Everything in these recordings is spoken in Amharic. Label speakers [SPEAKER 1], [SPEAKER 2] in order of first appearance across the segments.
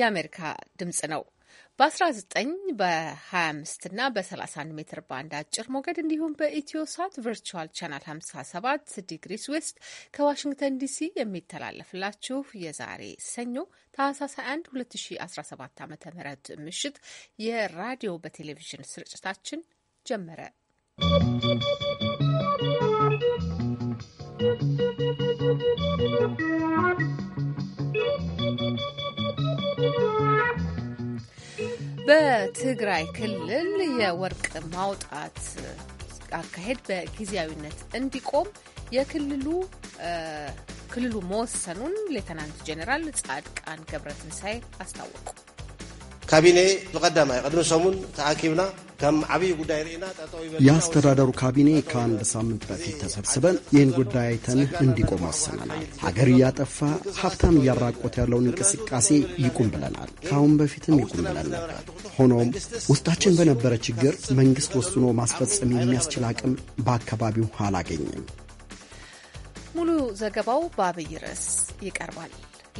[SPEAKER 1] የአሜሪካ ድምጽ ነው። በ19 በ25 እና በ31 ሜትር ባንድ አጭር ሞገድ እንዲሁም በኢትዮ ሳት ቨርቹዋል ቻናል 57 ዲግሪስ ዌስት ከዋሽንግተን ዲሲ የሚተላለፍላችሁ የዛሬ ሰኞ ታህሳስ 21 2017 ዓ ም ምሽት የራዲዮ በቴሌቪዥን ስርጭታችን ጀመረ። በትግራይ ክልል የወርቅ ማውጣት አካሄድ በጊዜያዊነት እንዲቆም የክልሉ ክልሉ መወሰኑን ሌተናንት ጄኔራል ጻድቃን ገብረ አስታወቁ።
[SPEAKER 2] ካቢኔ ብቀዳማይ ቅድሚ ሰሙን ተኣኪብና ከም ዓብይ ጉዳይ ርኢና የአስተዳደሩ ካቢኔ ከአንድ ሳምንት በፊት ተሰብስበን ይህን ጉዳይ አይተን እንዲቆም ወስነናል። ሀገር እያጠፋ ሀብታም እያራቆት ያለውን እንቅስቃሴ ይቁም ብለናል። ከአሁን በፊትም ይቁም ብለን ነበር። ሆኖም ውስጣችን በነበረ ችግር መንግስት ወስኖ ማስፈጸም የሚያስችል አቅም በአካባቢው አላገኝም።
[SPEAKER 1] ሙሉ ዘገባው በአብይ ርዕስ ይቀርባል።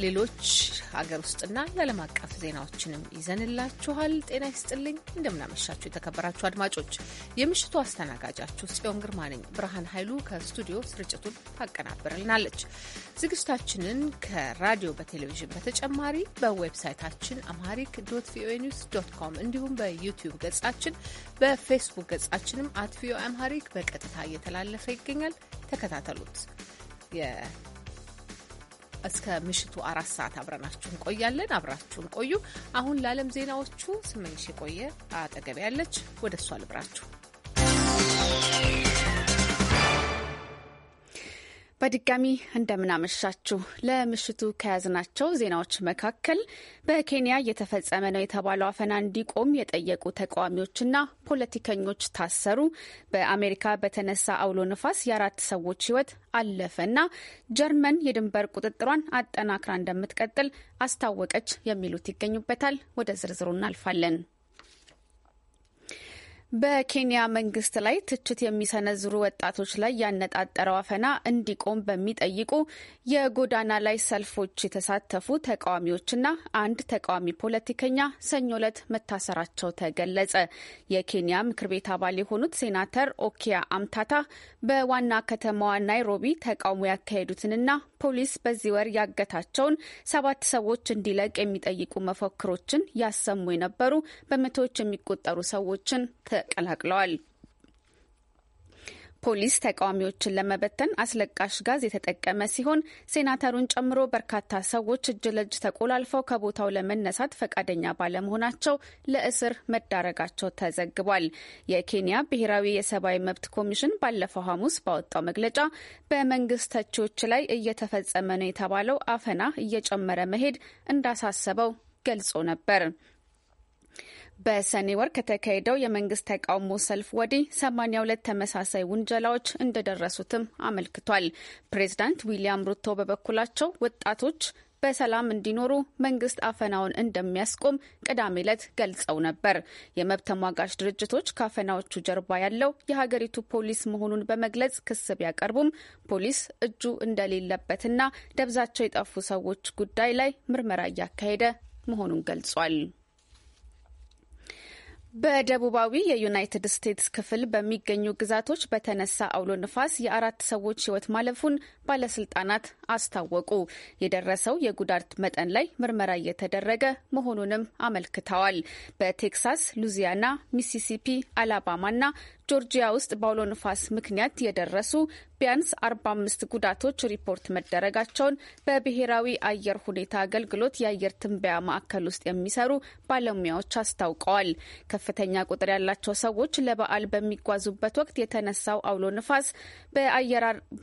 [SPEAKER 1] ሌሎች ሀገር ውስጥና የዓለም አቀፍ ዜናዎችንም ይዘንላችኋል። ጤና ይስጥልኝ፣ እንደምናመሻችሁ የተከበራችሁ አድማጮች። የምሽቱ አስተናጋጃችሁ ጽዮን ግርማ ነኝ። ብርሃን ኃይሉ ከስቱዲዮ ስርጭቱን ታቀናብርልናለች። ዝግጅታችንን ከራዲዮ በቴሌቪዥን በተጨማሪ በዌብሳይታችን አማሪክ ዶት ቪኦኤ ኒውስ ዶት ኮም እንዲሁም በዩቲዩብ ገጻችን፣ በፌስቡክ ገጻችንም አት ቪኦኤ አምሃሪክ በቀጥታ እየተላለፈ ይገኛል። ተከታተሉት። እስከ ምሽቱ አራት ሰዓት አብረናችሁ እንቆያለን። አብራችሁን ቆዩ። አሁን ለዓለም ዜናዎቹ ስምንሽ የቆየ አጠገብ ያለች ወደ እሷ ልብራችሁ
[SPEAKER 3] በድጋሚ እንደምናመሻችሁ ለምሽቱ ከያዝናቸው ዜናዎች መካከል በኬንያ እየተፈጸመ ነው የተባለው አፈና እንዲቆም የጠየቁ ተቃዋሚዎችና ፖለቲከኞች ታሰሩ፣ በአሜሪካ በተነሳ አውሎ ንፋስ የአራት ሰዎች ሕይወት አለፈና ጀርመን የድንበር ቁጥጥሯን አጠናክራ እንደምትቀጥል አስታወቀች የሚሉት ይገኙበታል። ወደ ዝርዝሩ እናልፋለን። በኬንያ መንግስት ላይ ትችት የሚሰነዝሩ ወጣቶች ላይ ያነጣጠረው አፈና እንዲቆም በሚጠይቁ የጎዳና ላይ ሰልፎች የተሳተፉ ተቃዋሚዎችና አንድ ተቃዋሚ ፖለቲከኛ ሰኞ ዕለት መታሰራቸው ተገለጸ። የኬንያ ምክር ቤት አባል የሆኑት ሴናተር ኦኪያ አምታታ በዋና ከተማዋ ናይሮቢ ተቃውሞ ያካሄዱትንና ፖሊስ በዚህ ወር ያገታቸውን ሰባት ሰዎች እንዲለቅ የሚጠይቁ መፈክሮችን ያሰሙ የነበሩ በመቶዎች የሚቆጠሩ ሰዎችን ተቀላቅለዋል። ፖሊስ ተቃዋሚዎችን ለመበተን አስለቃሽ ጋዝ የተጠቀመ ሲሆን ሴናተሩን ጨምሮ በርካታ ሰዎች እጅ ለእጅ ተቆላልፈው ከቦታው ለመነሳት ፈቃደኛ ባለመሆናቸው ለእስር መዳረጋቸው ተዘግቧል። የኬንያ ብሔራዊ የሰብአዊ መብት ኮሚሽን ባለፈው ሐሙስ ባወጣው መግለጫ በመንግስት ተቺዎች ላይ እየተፈጸመ ነው የተባለው አፈና እየጨመረ መሄድ እንዳሳሰበው ገልጾ ነበር። በሰኔ ወር ከተካሄደው የመንግስት ተቃውሞ ሰልፍ ወዲህ 82 ተመሳሳይ ውንጀላዎች እንደደረሱትም አመልክቷል። ፕሬዚዳንት ዊሊያም ሩቶ በበኩላቸው ወጣቶች በሰላም እንዲኖሩ መንግስት አፈናውን እንደሚያስቆም ቅዳሜ ዕለት ገልጸው ነበር። የመብት ተሟጋች ድርጅቶች ከአፈናዎቹ ጀርባ ያለው የሀገሪቱ ፖሊስ መሆኑን በመግለጽ ክስ ቢያቀርቡም ፖሊስ እጁ እንደሌለበትና ደብዛቸው የጠፉ ሰዎች ጉዳይ ላይ ምርመራ እያካሄደ መሆኑን ገልጿል። በደቡባዊ የዩናይትድ ስቴትስ ክፍል በሚገኙ ግዛቶች በተነሳ አውሎ ንፋስ የአራት ሰዎች ሕይወት ማለፉን ባለስልጣናት አስታወቁ። የደረሰው የጉዳት መጠን ላይ ምርመራ እየተደረገ መሆኑንም አመልክተዋል። በቴክሳስ፣ ሉዚያና፣ ሚሲሲፒ፣ አላባማና ጆርጂያ ውስጥ በአውሎ ንፋስ ምክንያት የደረሱ ቢያንስ 45 ጉዳቶች ሪፖርት መደረጋቸውን በብሔራዊ አየር ሁኔታ አገልግሎት የአየር ትንበያ ማዕከል ውስጥ የሚሰሩ ባለሙያዎች አስታውቀዋል። ከፍተኛ ቁጥር ያላቸው ሰዎች ለበዓል በሚጓዙበት ወቅት የተነሳው አውሎ ንፋስ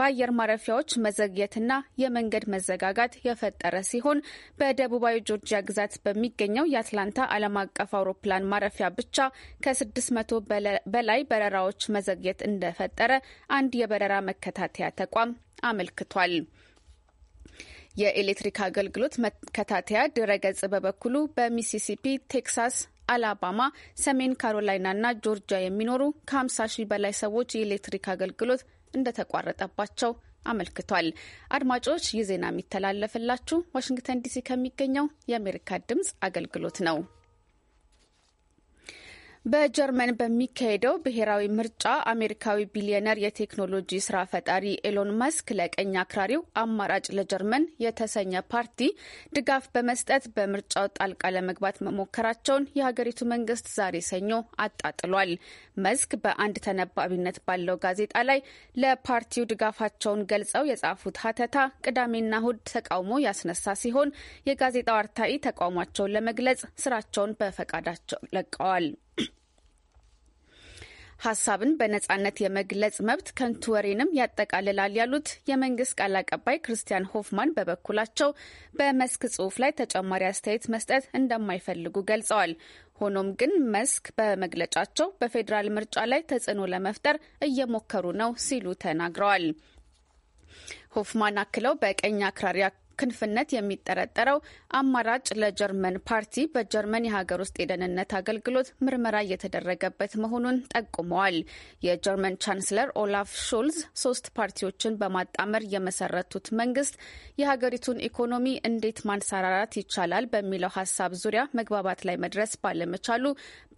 [SPEAKER 3] በአየር ማረፊያዎች መዘግየትና የመንገድ መዘጋጋት የፈጠረ ሲሆን በደቡባዊ ጆርጂያ ግዛት በሚገኘው የአትላንታ ዓለም አቀፍ አውሮፕላን ማረፊያ ብቻ ከ600 በላይ በረራ በረራዎች መዘግየት እንደፈጠረ አንድ የበረራ መከታተያ ተቋም አመልክቷል። የኤሌክትሪክ አገልግሎት መከታተያ ድረገጽ በበኩሉ በሚሲሲፒ፣ ቴክሳስ አላባማ፣ ሰሜን ካሮላይና እና ጆርጂያ የሚኖሩ ከ50 ሺህ በላይ ሰዎች የኤሌክትሪክ አገልግሎት እንደተቋረጠባቸው አመልክቷል። አድማጮች ይህ ዜና የሚተላለፍላችሁ ዋሽንግተን ዲሲ ከሚገኘው የአሜሪካ ድምጽ አገልግሎት ነው። በጀርመን በሚካሄደው ብሔራዊ ምርጫ አሜሪካዊ ቢሊዮነር የቴክኖሎጂ ስራ ፈጣሪ ኤሎን መስክ ለቀኝ አክራሪው አማራጭ ለጀርመን የተሰኘ ፓርቲ ድጋፍ በመስጠት በምርጫው ጣልቃ ለመግባት መሞከራቸውን የሀገሪቱ መንግስት ዛሬ ሰኞ አጣጥሏል። መስክ በአንድ ተነባቢነት ባለው ጋዜጣ ላይ ለፓርቲው ድጋፋቸውን ገልጸው የጻፉት ሀተታ ቅዳሜና እሁድ ተቃውሞ ያስነሳ ሲሆን የጋዜጣው አርታኢ ተቃውሟቸውን ለመግለጽ ስራቸውን በፈቃዳቸው ለቀዋል። ሀሳብን በነጻነት የመግለጽ መብት ከንቱ ወሬንም ያጠቃልላል ያሉት የመንግስት ቃል አቀባይ ክርስቲያን ሆፍማን በበኩላቸው በመስክ ጽሁፍ ላይ ተጨማሪ አስተያየት መስጠት እንደማይፈልጉ ገልጸዋል። ሆኖም ግን መስክ በመግለጫቸው በፌዴራል ምርጫ ላይ ተጽዕኖ ለመፍጠር እየሞከሩ ነው ሲሉ ተናግረዋል። ሆፍማን አክለው በቀኝ አክራሪ ክንፍነት የሚጠረጠረው አማራጭ ለጀርመን ፓርቲ በጀርመን የሀገር ውስጥ የደህንነት አገልግሎት ምርመራ እየተደረገበት መሆኑን ጠቁመዋል። የጀርመን ቻንስለር ኦላፍ ሾልዝ ሶስት ፓርቲዎችን በማጣመር የመሰረቱት መንግስት የሀገሪቱን ኢኮኖሚ እንዴት ማንሰራራት ይቻላል በሚለው ሀሳብ ዙሪያ መግባባት ላይ መድረስ ባለመቻሉ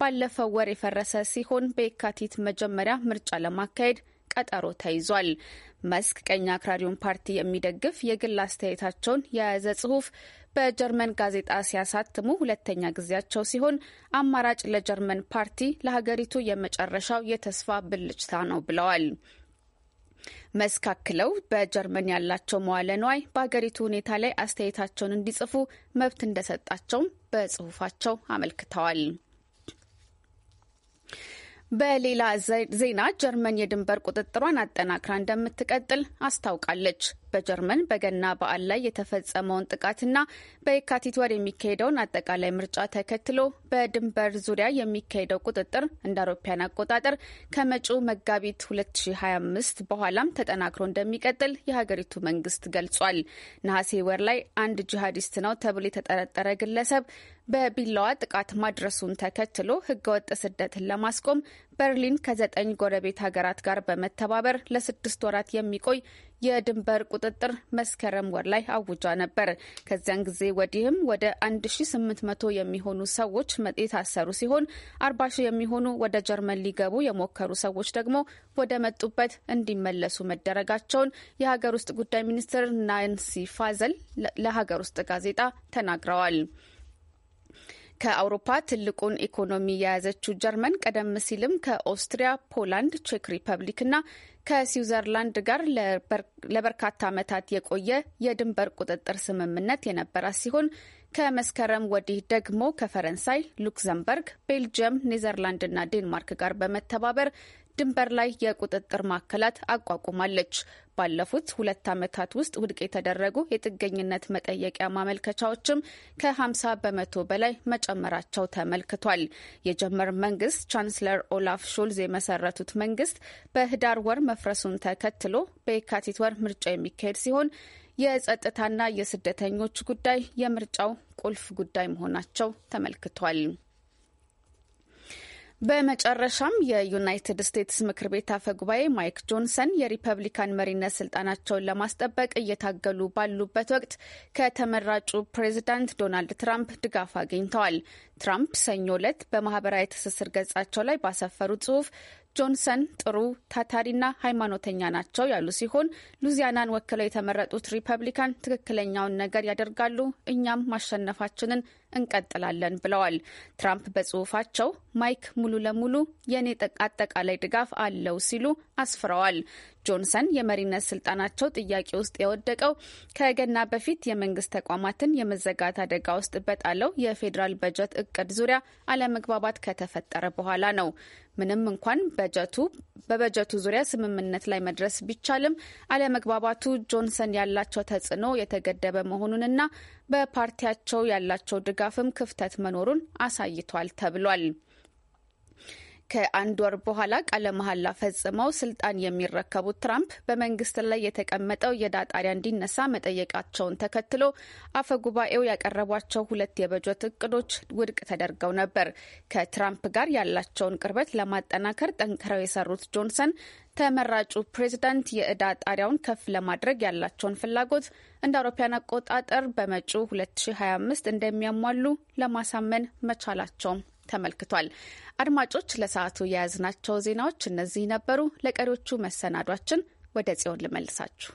[SPEAKER 3] ባለፈው ወር የፈረሰ ሲሆን በየካቲት መጀመሪያ ምርጫ ለማካሄድ ቀጠሮ ተይዟል። መስክ ቀኝ አክራሪውን ፓርቲ የሚደግፍ የግል አስተያየታቸውን የያዘ ጽሁፍ በጀርመን ጋዜጣ ሲያሳትሙ ሁለተኛ ጊዜያቸው ሲሆን አማራጭ ለጀርመን ፓርቲ ለሀገሪቱ የመጨረሻው የተስፋ ብልጭታ ነው ብለዋል። መስክ አክለው በጀርመን ያላቸው መዋለ ንዋይ በሀገሪቱ ሁኔታ ላይ አስተያየታቸውን እንዲጽፉ መብት እንደሰጣቸውም በጽሁፋቸው አመልክተዋል። በሌላ ዜና ጀርመን የድንበር ቁጥጥሯን አጠናክራ እንደምትቀጥል አስታውቃለች። በጀርመን በገና በዓል ላይ የተፈጸመውን ጥቃትና በየካቲት ወር የሚካሄደውን አጠቃላይ ምርጫ ተከትሎ በድንበር ዙሪያ የሚካሄደው ቁጥጥር እንደ አውሮፓያን አቆጣጠር ከመጪው መጋቢት 2025 በኋላም ተጠናክሮ እንደሚቀጥል የሀገሪቱ መንግስት ገልጿል። ነሐሴ ወር ላይ አንድ ጂሃዲስት ነው ተብሎ የተጠረጠረ ግለሰብ በቢላዋ ጥቃት ማድረሱን ተከትሎ ህገወጥ ስደትን ለማስቆም በርሊን ከዘጠኝ ጎረቤት ሀገራት ጋር በመተባበር ለስድስት ወራት የሚቆይ የድንበር ቁጥጥር መስከረም ወር ላይ አውጇ ነበር። ከዚያን ጊዜ ወዲህም ወደ 1800 የሚሆኑ ሰዎች የታሰሩ ሲሆን 40 ሺህ የሚሆኑ ወደ ጀርመን ሊገቡ የሞከሩ ሰዎች ደግሞ ወደ መጡበት እንዲመለሱ መደረጋቸውን የሀገር ውስጥ ጉዳይ ሚኒስትር ናንሲ ፋዘል ለሀገር ውስጥ ጋዜጣ ተናግረዋል። ከአውሮፓ ትልቁን ኢኮኖሚ የያዘችው ጀርመን ቀደም ሲልም ከኦስትሪያ፣ ፖላንድ፣ ቼክ ሪፐብሊክና ከስዊዘርላንድ ጋር ለበርካታ ዓመታት የቆየ የድንበር ቁጥጥር ስምምነት የነበራት ሲሆን ከመስከረም ወዲህ ደግሞ ከፈረንሳይ፣ ሉክዘምበርግ፣ ቤልጅየም፣ ኔዘርላንድና ዴንማርክ ጋር በመተባበር ድንበር ላይ የቁጥጥር ማዕከላት አቋቁማለች። ባለፉት ሁለት ዓመታት ውስጥ ውድቅ የተደረጉ የጥገኝነት መጠየቂያ ማመልከቻዎችም ከ50 በመቶ በላይ መጨመራቸው ተመልክቷል። የጀርመን መንግስት ቻንስለር ኦላፍ ሾልዝ የመሰረቱት መንግስት በህዳር ወር መፍረሱን ተከትሎ በየካቲት ወር ምርጫ የሚካሄድ ሲሆን የጸጥታና የስደተኞች ጉዳይ የምርጫው ቁልፍ ጉዳይ መሆናቸው ተመልክቷል። በመጨረሻም የዩናይትድ ስቴትስ ምክር ቤት አፈ ጉባኤ ማይክ ጆንሰን የሪፐብሊካን መሪነት ስልጣናቸውን ለማስጠበቅ እየታገሉ ባሉበት ወቅት ከተመራጩ ፕሬዚዳንት ዶናልድ ትራምፕ ድጋፍ አግኝተዋል። ትራምፕ ሰኞ ዕለት በማህበራዊ ትስስር ገጻቸው ላይ ባሰፈሩት ጽሑፍ ጆንሰን ጥሩ ታታሪና ሃይማኖተኛ ናቸው ያሉ ሲሆን ሉዚያናን ወክለው የተመረጡት ሪፐብሊካን ትክክለኛውን ነገር ያደርጋሉ፣ እኛም ማሸነፋችንን እንቀጥላለን ብለዋል። ትራምፕ በጽሁፋቸው ማይክ ሙሉ ለሙሉ የእኔ አጠቃላይ ድጋፍ አለው ሲሉ አስፍረዋል። ጆንሰን የመሪነት ስልጣናቸው ጥያቄ ውስጥ የወደቀው ከገና በፊት የመንግስት ተቋማትን የመዘጋት አደጋ ውስጥ በጣለው የፌዴራል በጀት እቅድ ዙሪያ አለመግባባት ከተፈጠረ በኋላ ነው። ምንም እንኳን በጀቱ በበጀቱ ዙሪያ ስምምነት ላይ መድረስ ቢቻልም አለመግባባቱ ጆንሰን ያላቸው ተጽዕኖ የተገደበ መሆኑንና በፓርቲያቸው ያላቸው ድጋፍም ክፍተት መኖሩን አሳይቷል ተብሏል። ከአንድ ወር በኋላ ቃለ መሐላ ፈጽመው ስልጣን የሚረከቡት ትራምፕ በመንግስት ላይ የተቀመጠው የዕዳ ጣሪያ እንዲነሳ መጠየቃቸውን ተከትሎ አፈጉባኤው ያቀረቧቸው ሁለት የበጀት እቅዶች ውድቅ ተደርገው ነበር። ከትራምፕ ጋር ያላቸውን ቅርበት ለማጠናከር ጠንክረው የሰሩት ጆንሰን ተመራጩ ፕሬዚዳንት የእዳ ጣሪያውን ከፍ ለማድረግ ያላቸውን ፍላጎት እንደ አውሮፓውያን አቆጣጠር በመጪው 2025 እንደሚያሟሉ ለማሳመን መቻላቸውም ተመልክቷል። አድማጮች ለሰዓቱ የያዝናቸው ዜናዎች እነዚህ ነበሩ። ለቀሪዎቹ መሰናዷችን ወደ ጽዮን ልመልሳችሁ።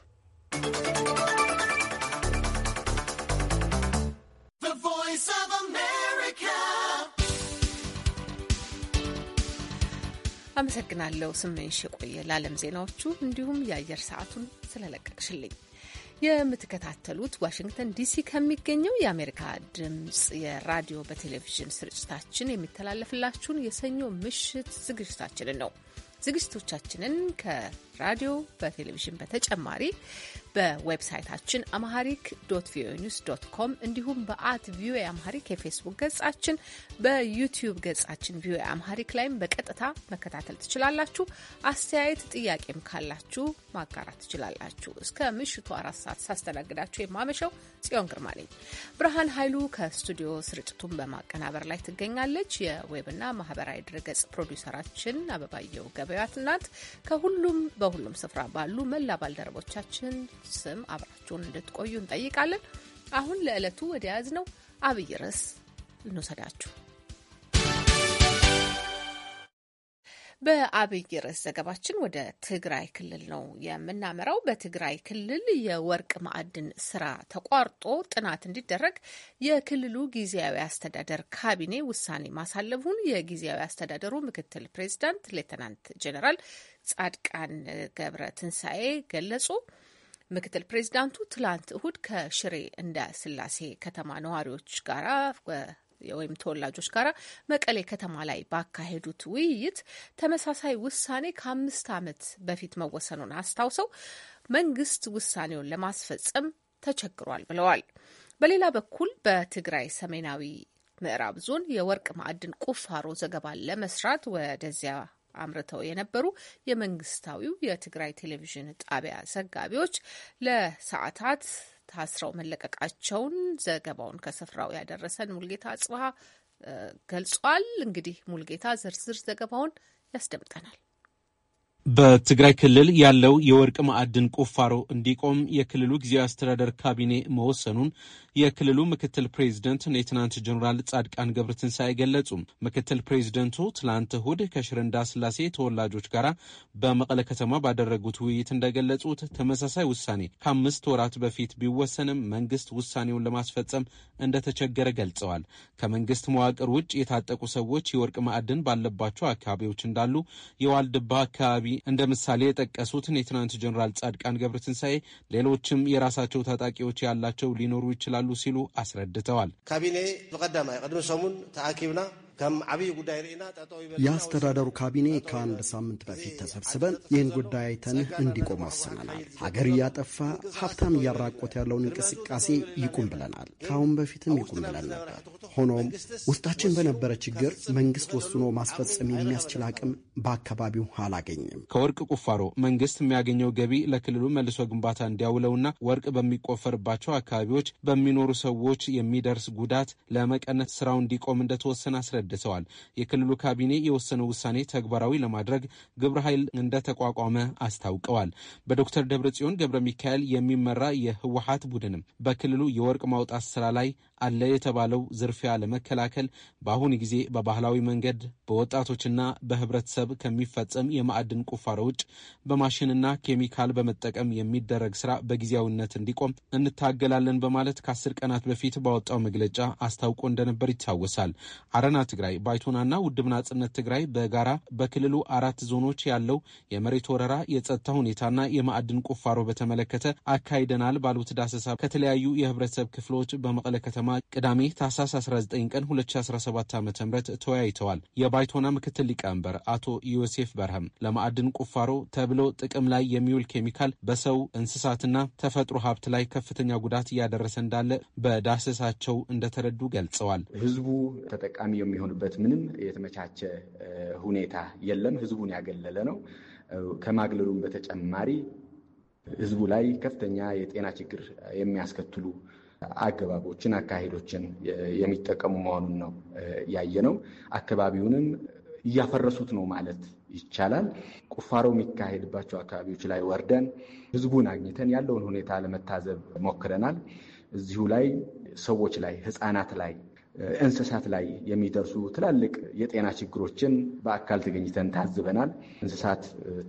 [SPEAKER 1] አመሰግናለሁ ስመኝሽ የቆየ ለዓለም ዜናዎቹ እንዲሁም የአየር ሰዓቱን ስለለቀቅሽልኝ። የምትከታተሉት ዋሽንግተን ዲሲ ከሚገኘው የአሜሪካ ድምፅ የራዲዮ በቴሌቪዥን ስርጭታችን የሚተላለፍላችሁን የሰኞ ምሽት ዝግጅታችንን ነው። ዝግጅቶቻችንን ራዲዮ በቴሌቪዥን በተጨማሪ በዌብሳይታችን አማሃሪክ ዶት ቪኦኤ ኒውስ ዶት ኮም እንዲሁም በአት ቪኦኤ አማሃሪክ የፌስቡክ ገጻችን፣ በዩቲዩብ ገጻችን ቪኦኤ አማሃሪክ ላይም በቀጥታ መከታተል ትችላላችሁ። አስተያየት ጥያቄም ካላችሁ ማጋራት ትችላላችሁ። እስከ ምሽቱ አራት ሰዓት ሳስተናግዳችሁ የማመሸው ጽዮን ግርማ ነኝ። ብርሃን ኃይሉ ከስቱዲዮ ስርጭቱን በማቀናበር ላይ ትገኛለች። የዌብና ማህበራዊ ድረገጽ ፕሮዲውሰራችን አበባየው ገበያት ናት። ከሁሉም በ በሁሉም ስፍራ ባሉ መላ ባልደረቦቻችን ስም አብራችሁን እንድትቆዩ እንጠይቃለን። አሁን ለዕለቱ ወደ ያዝ ነው አብይ ርዕስ እንወሰዳችሁ። በአብይ ርዕስ ዘገባችን ወደ ትግራይ ክልል ነው የምናመራው። በትግራይ ክልል የወርቅ ማዕድን ስራ ተቋርጦ ጥናት እንዲደረግ የክልሉ ጊዜያዊ አስተዳደር ካቢኔ ውሳኔ ማሳለፉን የጊዜያዊ አስተዳደሩ ምክትል ፕሬዚዳንት ሌተናንት ጀኔራል ጻድቃን ገብረ ትንሣኤ ገለጹ። ምክትል ፕሬዚዳንቱ ትላንት እሁድ ከሽሬ እንደ ስላሴ ከተማ ነዋሪዎች ጋራ ወይም ተወላጆች ጋር መቀሌ ከተማ ላይ ባካሄዱት ውይይት ተመሳሳይ ውሳኔ ከአምስት ዓመት በፊት መወሰኑን አስታውሰው መንግስት ውሳኔውን ለማስፈጸም ተቸግሯል ብለዋል። በሌላ በኩል በትግራይ ሰሜናዊ ምዕራብ ዞን የወርቅ ማዕድን ቁፋሮ ዘገባን ለመስራት ወደዚያ አምርተው የነበሩ የመንግስታዊው የትግራይ ቴሌቪዥን ጣቢያ ዘጋቢዎች ለሰዓታት ታስረው መለቀቃቸውን ዘገባውን ከስፍራው ያደረሰን ሙልጌታ አጽብሃ ገልጿል። እንግዲህ ሙልጌታ ዝርዝር ዘገባውን ያስደምጠናል።
[SPEAKER 4] በትግራይ ክልል ያለው የወርቅ ማዕድን ቁፋሮ እንዲቆም የክልሉ ጊዜያዊ አስተዳደር ካቢኔ መወሰኑን የክልሉ ምክትል ፕሬዚደንት ሌትናንት ጀኔራል ጻድቃን ገብረትንሳኤ ገለጹ። ምክትል ፕሬዚደንቱ ትላንት እሁድ ከሽርንዳ ስላሴ ተወላጆች ጋር በመቀለ ከተማ ባደረጉት ውይይት እንደገለጹት ተመሳሳይ ውሳኔ ከአምስት ወራት በፊት ቢወሰንም መንግስት ውሳኔውን ለማስፈጸም እንደተቸገረ ገልጸዋል። ከመንግስት መዋቅር ውጭ የታጠቁ ሰዎች የወርቅ ማዕድን ባለባቸው አካባቢዎች እንዳሉ የዋልድባ አካባቢ እንደ ምሳሌ የጠቀሱት ሌትናንት ጀኔራል ጻድቃን ገብረትንሳኤ ሌሎችም የራሳቸው ታጣቂዎች ያላቸው ሊኖሩ ይችላል ይችላሉ ሲሉ አስረድተዋል።
[SPEAKER 2] ካቢኔ በቀዳማይ ቅድሚ ሰሙን ተአኪብና የአስተዳደሩ ካቢኔ ከአንድ ሳምንት በፊት ተሰብስበን ይህን ጉዳይ አይተን እንዲቆም ወስነናል። ሀገር እያጠፋ ሀብታም እያራቆት ያለውን እንቅስቃሴ ይቁም ብለናል። ከአሁን በፊትም
[SPEAKER 4] ይቁም ብለን ነበር።
[SPEAKER 2] ሆኖም ውስጣችን በነበረ ችግር መንግስት ወስኖ ማስፈጸም የሚያስችል አቅም በአካባቢው አላገኝም።
[SPEAKER 4] ከወርቅ ቁፋሮ መንግስት የሚያገኘው ገቢ ለክልሉ መልሶ ግንባታ እንዲያውለውና ወርቅ በሚቆፈርባቸው አካባቢዎች በሚኖሩ ሰዎች የሚደርስ ጉዳት ለመቀነስ ስራው እንዲቆም እንደተወሰነ አስረዳ አስታድሰዋል። የክልሉ ካቢኔ የወሰነው ውሳኔ ተግባራዊ ለማድረግ ግብረ ኃይል እንደተቋቋመ አስታውቀዋል። በዶክተር ደብረጽዮን ገብረ ሚካኤል የሚመራ የህወሀት ቡድንም በክልሉ የወርቅ ማውጣት ስራ ላይ አለ የተባለው ዝርፊያ ለመከላከል በአሁኑ ጊዜ በባህላዊ መንገድ በወጣቶችና በህብረተሰብ ከሚፈጸም የማዕድን ቁፋሮ ውጭ በማሽንና ኬሚካል በመጠቀም የሚደረግ ስራ በጊዜያዊነት እንዲቆም እንታገላለን በማለት ከአስር ቀናት በፊት ባወጣው መግለጫ አስታውቆ እንደነበር ይታወሳል። አረና ትግራይ ባይቶናና ውድብ ናጽነት ትግራይ በጋራ በክልሉ አራት ዞኖች ያለው የመሬት ወረራ፣ የጸጥታ ሁኔታና የማዕድን ቁፋሮ በተመለከተ አካሂደናል ባሉት ዳሰሳ ከተለያዩ የህብረተሰብ ክፍሎች በመቀለ ከተማ ቅዳሜ ታህሳስ 19 ቀን 2017 ዓ ም ተወያይተዋል። የባይቶና ምክትል ሊቀመንበር አቶ ዮሴፍ በርሃም ለማዕድን ቁፋሮ ተብሎ ጥቅም ላይ የሚውል ኬሚካል በሰው እንስሳትና ተፈጥሮ ሀብት ላይ ከፍተኛ ጉዳት እያደረሰ እንዳለ በዳሰሳቸው እንደተረዱ ገልጸዋል።
[SPEAKER 5] ህዝቡ ተጠቃሚ የሚሆንበት ምንም የተመቻቸ ሁኔታ የለም። ህዝቡን ያገለለ ነው። ከማግለሉም በተጨማሪ ህዝቡ ላይ ከፍተኛ የጤና ችግር የሚያስከትሉ አገባቦችን፣ አካሄዶችን የሚጠቀሙ መሆኑን ነው ያየ ነው። አካባቢውንም እያፈረሱት ነው ማለት ይቻላል። ቁፋሮ የሚካሄድባቸው አካባቢዎች ላይ ወርደን ህዝቡን አግኝተን ያለውን ሁኔታ ለመታዘብ ሞክረናል። እዚሁ ላይ ሰዎች ላይ ህፃናት ላይ እንስሳት ላይ የሚደርሱ ትላልቅ የጤና ችግሮችን በአካል ተገኝተን ታዝበናል። እንስሳት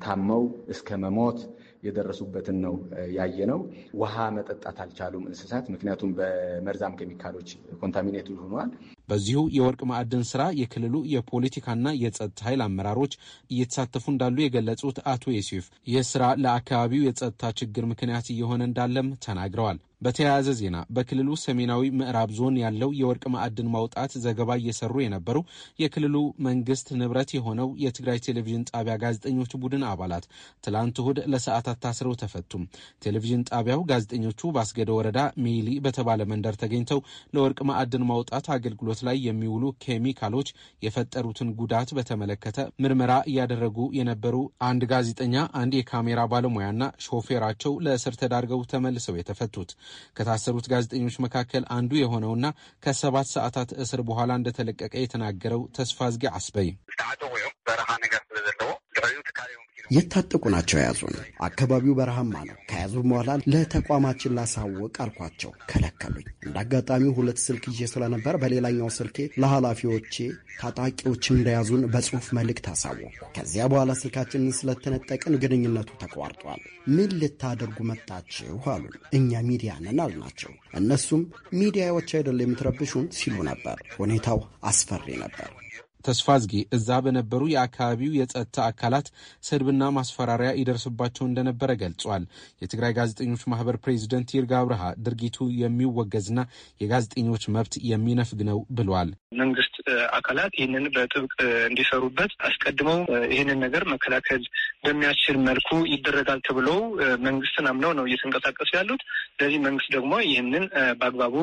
[SPEAKER 5] ታመው እስከ መሞት የደረሱበትን ነው ያየ ነው። ውሃ መጠጣት አልቻሉም እንስሳት ምክንያቱም በመርዛም ኬሚካሎች
[SPEAKER 4] ኮንታሚኔትድ ሆኗል። በዚሁ የወርቅ ማዕድን ስራ የክልሉ የፖለቲካና የጸጥታ ኃይል አመራሮች እየተሳተፉ እንዳሉ የገለጹት አቶ ዮሴፍ ይህ ስራ ለአካባቢው የጸጥታ ችግር ምክንያት እየሆነ እንዳለም ተናግረዋል። በተያያዘ ዜና በክልሉ ሰሜናዊ ምዕራብ ዞን ያለው የወርቅ ማዕድን ማውጣት ዘገባ እየሰሩ የነበሩ የክልሉ መንግስት ንብረት የሆነው የትግራይ ቴሌቪዥን ጣቢያ ጋዜጠኞች ቡድን አባላት ትላንት እሁድ ለሰዓታት ታስረው ተፈቱም። ቴሌቪዥን ጣቢያው ጋዜጠኞቹ በአስገደ ወረዳ ሜይሊ በተባለ መንደር ተገኝተው ለወርቅ ማዕድን ማውጣት አገልግሎት ላይ የሚውሉ ኬሚካሎች የፈጠሩትን ጉዳት በተመለከተ ምርመራ እያደረጉ የነበሩ አንድ ጋዜጠኛ፣ አንድ የካሜራ ባለሙያና ሾፌራቸው ለእስር ተዳርገው ተመልሰው የተፈቱት ከታሰሩት ጋዜጠኞች መካከል አንዱ የሆነውና ከሰባት ሰዓታት እስር በኋላ እንደተለቀቀ የተናገረው ተስፋ ዝጌ አስበይ በረሃ ነገር ስለዘለዎ
[SPEAKER 2] የታጠቁ ናቸው የያዙን። አካባቢው በረሃማ ነው። ከያዙ በኋላ ለተቋማችን ላሳወቅ አልኳቸው፣ ከለከሉኝ። እንደ ሁለት ስልክ ይዤ ስለነበር በሌላኛው ስልኬ ለኃላፊዎቼ ታጣቂዎች እንደያዙን በጽሁፍ መልእክት አሳወቅኩ። ከዚያ በኋላ ስልካችንን ስለተነጠቅን ግንኙነቱ ተቋርጧል። ምን ልታደርጉ መጣችሁ አሉ። እኛ ሚዲያ ነን አልናቸው። እነሱም ሚዲያዎች አይደል
[SPEAKER 4] የምትረብሹን ሲሉ ነበር። ሁኔታው አስፈሪ ነበር። ተስፋዝጌ እዛ በነበሩ የአካባቢው የጸጥታ አካላት ስድብና ማስፈራሪያ ይደርስባቸው እንደነበረ ገልጿል። የትግራይ ጋዜጠኞች ማህበር ፕሬዚደንት ይርጋ አብርሃ ድርጊቱ የሚወገዝና የጋዜጠኞች መብት የሚነፍግ ነው ብሏል።
[SPEAKER 6] መንግስት አካላት ይህንን በጥብቅ እንዲሰሩበት አስቀድመው ይህንን ነገር መከላከል በሚያስችል መልኩ ይደረጋል ተብሎ መንግስትን አምነው ነው እየተንቀሳቀሱ ያሉት። ስለዚህ መንግስት ደግሞ ይህንን በአግባቡ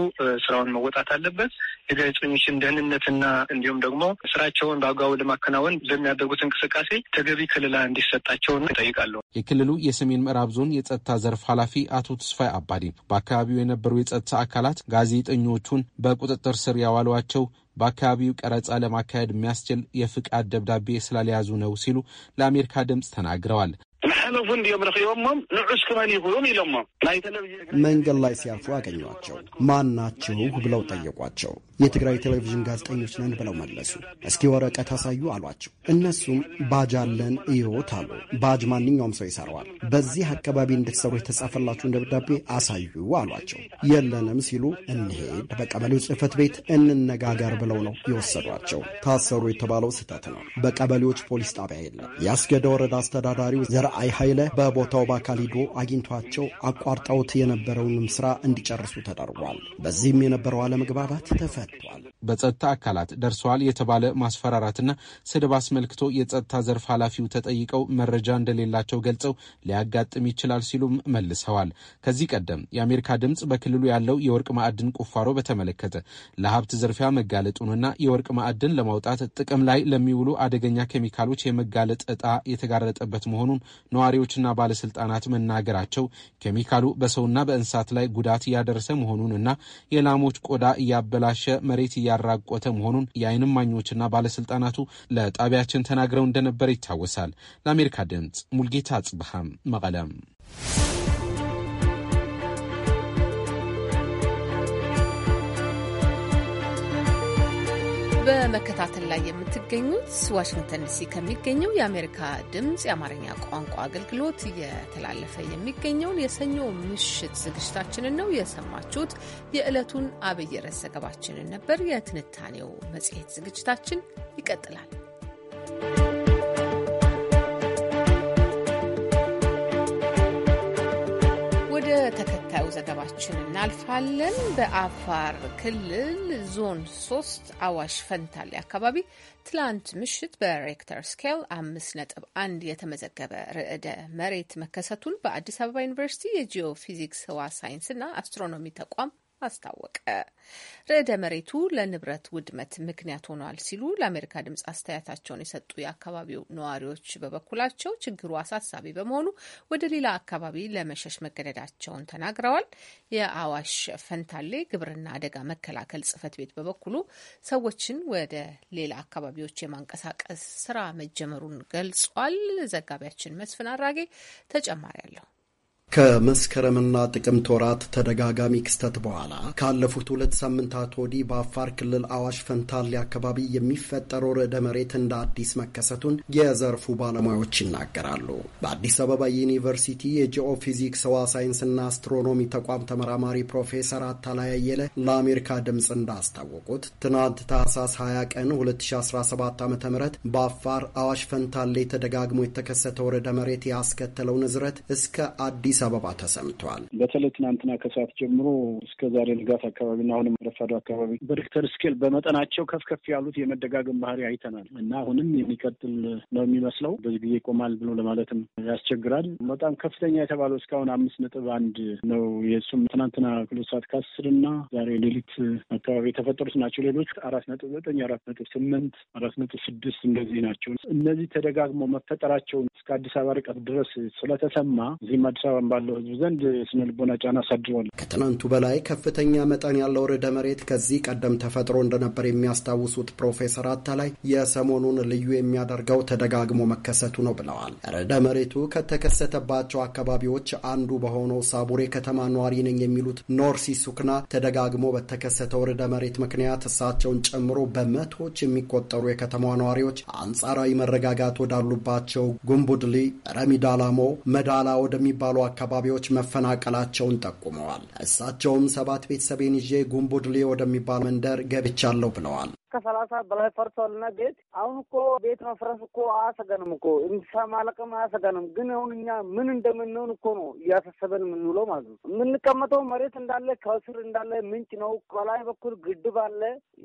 [SPEAKER 6] ስራውን መወጣት አለበት። የጋዜጠኞችን ደህንነትና እንዲሁም ደግሞ ስራ ስራቸውን በአግባቡ ለማከናወን ለሚያደርጉት እንቅስቃሴ ተገቢ ክልላ እንዲሰጣቸውን ይጠይቃለሁ።
[SPEAKER 4] የክልሉ የሰሜን ምዕራብ ዞን የጸጥታ ዘርፍ ኃላፊ አቶ ተስፋይ አባዲ በአካባቢው የነበሩ የጸጥታ አካላት ጋዜጠኞቹን በቁጥጥር ስር ያዋሏቸው በአካባቢው ቀረጻ ለማካሄድ የሚያስችል የፍቃድ ደብዳቤ ስላልያዙ ነው ሲሉ ለአሜሪካ ድምፅ ተናግረዋል።
[SPEAKER 7] ንሕልፉ እንዲዮም ረኪቦሞም ንዑስ ክመን ይሁን ኢሎሞ ናይ
[SPEAKER 4] ቴሌቭዥን መንገድ ላይ ሲያልፉ አገኟቸው። ማን ናችሁ ብለው ጠየቋቸው።
[SPEAKER 2] የትግራይ ቴሌቪዥን ጋዜጠኞች ነን ብለው መለሱ። እስኪ ወረቀት አሳዩ አሏቸው። እነሱም ባጅ አለን እዮት አሉ። ባጅ ማንኛውም ሰው ይሰራዋል። በዚህ አካባቢ እንድትሰሩ የተጻፈላችሁን ደብዳቤ አሳዩ አሏቸው። የለንም ሲሉ እንሄድ በቀበሌው ጽህፈት ቤት እንነጋገር ብለው ነው የወሰዷቸው። ታሰሩ የተባለው ስህተት ነው። በቀበሌዎች ፖሊስ ጣቢያ የለም። የአስገደ ወረዳ አስተዳዳሪው ዘርአ አይ ኃይለ በቦታው በአካል ሂዶ አግኝቷቸው አቋርጠውት የነበረውንም ስራ እንዲጨርሱ ተደርጓል። በዚህም የነበረው አለመግባባት
[SPEAKER 4] ተፈቷል። በጸጥታ አካላት ደርሰዋል የተባለ ማስፈራራትና ስድብ አስመልክቶ የጸጥታ ዘርፍ ኃላፊው ተጠይቀው መረጃ እንደሌላቸው ገልጸው ሊያጋጥም ይችላል ሲሉም መልሰዋል። ከዚህ ቀደም የአሜሪካ ድምፅ በክልሉ ያለው የወርቅ ማዕድን ቁፋሮ በተመለከተ ለሀብት ዝርፊያ መጋለጡንና የወርቅ ማዕድን ለማውጣት ጥቅም ላይ ለሚውሉ አደገኛ ኬሚካሎች የመጋለጥ እጣ የተጋረጠበት መሆኑን ነዋሪዎችና ባለስልጣናት መናገራቸው ኬሚካሉ በሰውና በእንስሳት ላይ ጉዳት እያደረሰ መሆኑንና የላሞች ቆዳ እያበላሸ መሬት እያራቆተ መሆኑን የዓይን እማኞችና ባለስልጣናቱ ለጣቢያችን ተናግረው እንደነበረ ይታወሳል። ለአሜሪካ ድምፅ ሙልጌታ አጽብሃም መቀለም
[SPEAKER 1] በመከታተል ላይ የምትገኙት ዋሽንግተን ዲሲ ከሚገኘው የአሜሪካ ድምፅ የአማርኛ ቋንቋ አገልግሎት እየተላለፈ የሚገኘውን የሰኞ ምሽት ዝግጅታችንን ነው የሰማችሁት። የዕለቱን አብይ ርዕስ ዘገባችንን ነበር። የትንታኔው መጽሔት ዝግጅታችን ይቀጥላል። ወደሚቀጥለው ዘገባችን እናልፋለን። በአፋር ክልል ዞን ሶስት አዋሽ ፈንታሌ አካባቢ ትላንት ምሽት በሬክተር ስኬል አምስት ነጥብ አንድ የተመዘገበ ርዕደ መሬት መከሰቱን በአዲስ አበባ ዩኒቨርሲቲ ፊዚክስ ህዋ ሳይንስና አስትሮኖሚ ተቋም አስታወቀ። ርዕደ መሬቱ ለንብረት ውድመት ምክንያት ሆኗል ሲሉ ለአሜሪካ ድምጽ አስተያየታቸውን የሰጡ የአካባቢው ነዋሪዎች በበኩላቸው ችግሩ አሳሳቢ በመሆኑ ወደ ሌላ አካባቢ ለመሸሽ መገደዳቸውን ተናግረዋል። የአዋሽ ፈንታሌ ግብርና አደጋ መከላከል ጽሕፈት ቤት በበኩሉ ሰዎችን ወደ ሌላ አካባቢዎች የማንቀሳቀስ ስራ መጀመሩን ገልጿል። ዘጋቢያችን መስፍን አራጌ ተጨማሪ አለው።
[SPEAKER 2] ከመስከረምና ጥቅምት ወራት ተደጋጋሚ ክስተት በኋላ ካለፉት ሁለት ሳምንታት ወዲህ በአፋር ክልል አዋሽ ፈንታሌ አካባቢ የሚፈጠረው ርዕደ መሬት እንደ አዲስ መከሰቱን የዘርፉ ባለሙያዎች ይናገራሉ። በአዲስ አበባ ዩኒቨርሲቲ የጂኦ ፊዚክስ ህዋ ሳይንስና አስትሮኖሚ ተቋም ተመራማሪ ፕሮፌሰር አታላይ አየለ ለአሜሪካ ድምፅ እንዳስታወቁት ትናንት ታህሳስ 20 ቀን 2017 ዓ ም በአፋር አዋሽ ፈንታሌ ተደጋግሞ የተከሰተው ርዕደ መሬት ያስከተለው ንዝረት እስከ አዲስ አዲስ አበባ
[SPEAKER 6] ተሰምተዋል። በተለይ ትናንትና ከሰዓት ጀምሮ እስከ ዛሬ ንጋት አካባቢና አሁንም ረፋዱ አካባቢ በሪክተር ስኬል በመጠናቸው ከፍ ከፍ ያሉት የመደጋገም ባህሪ አይተናል እና አሁንም የሚቀጥል ነው የሚመስለው። በዚህ ጊዜ ይቆማል ብሎ ለማለትም ያስቸግራል። በጣም ከፍተኛ የተባለው እስካሁን አምስት ነጥብ አንድ ነው። የእሱም ትናንትና ሁለት ሰዓት ከአስር እና ዛሬ ሌሊት አካባቢ የተፈጠሩት ናቸው። ሌሎች አራት ነጥብ ዘጠኝ አራት ነጥብ ስምንት አራት ነጥብ ስድስት እንደዚህ ናቸው። እነዚህ ተደጋግሞ መፈጠራቸውን እስከ አዲስ አበባ ርቀት ድረስ ስለተሰማ እዚህም አዲስ አበባ ባለው ህዝብ ዘንድ ስነ ልቦና ጫና አሳድሯል።
[SPEAKER 2] ከትናንቱ በላይ ከፍተኛ መጠን ያለው ርዕደ መሬት ከዚህ ቀደም ተፈጥሮ እንደነበር የሚያስታውሱት ፕሮፌሰር አታላይ የሰሞኑን ልዩ የሚያደርገው ተደጋግሞ መከሰቱ ነው ብለዋል። ርዕደ መሬቱ ከተከሰተባቸው አካባቢዎች አንዱ በሆነው ሳቡሬ ከተማ ነዋሪ ነኝ የሚሉት ኖርሲ ሱክና ተደጋግሞ በተከሰተው ርዕደ መሬት ምክንያት እሳቸውን ጨምሮ በመቶዎች የሚቆጠሩ የከተማ ነዋሪዎች አንጻራዊ መረጋጋት ወዳሉባቸው ጉምቡድሊ፣ ረሚዳላሞ፣ መዳላ ወደሚባሉ አካባቢዎች መፈናቀላቸውን ጠቁመዋል። እሳቸውም ሰባት ቤተሰቤን ይዤ ጉምቡድሌ ወደሚባል መንደር ገብቻለሁ ብለዋል።
[SPEAKER 7] ከሰላሳ በላይ ፈርሷልና ቤት አሁን እኮ ቤት መፍረስ እኮ አያሰጋንም እኮ እንስሳ ማለቅም አያሰጋንም። ግን አሁን እኛ ምን እንደምንሆን እኮ ነው እያሳሰበን የምንውለው ማለት ነው። የምንቀመጠው መሬት እንዳለ ከስር እንዳለ ምንጭ ነው። ከላይ በኩል ግድብ አለ።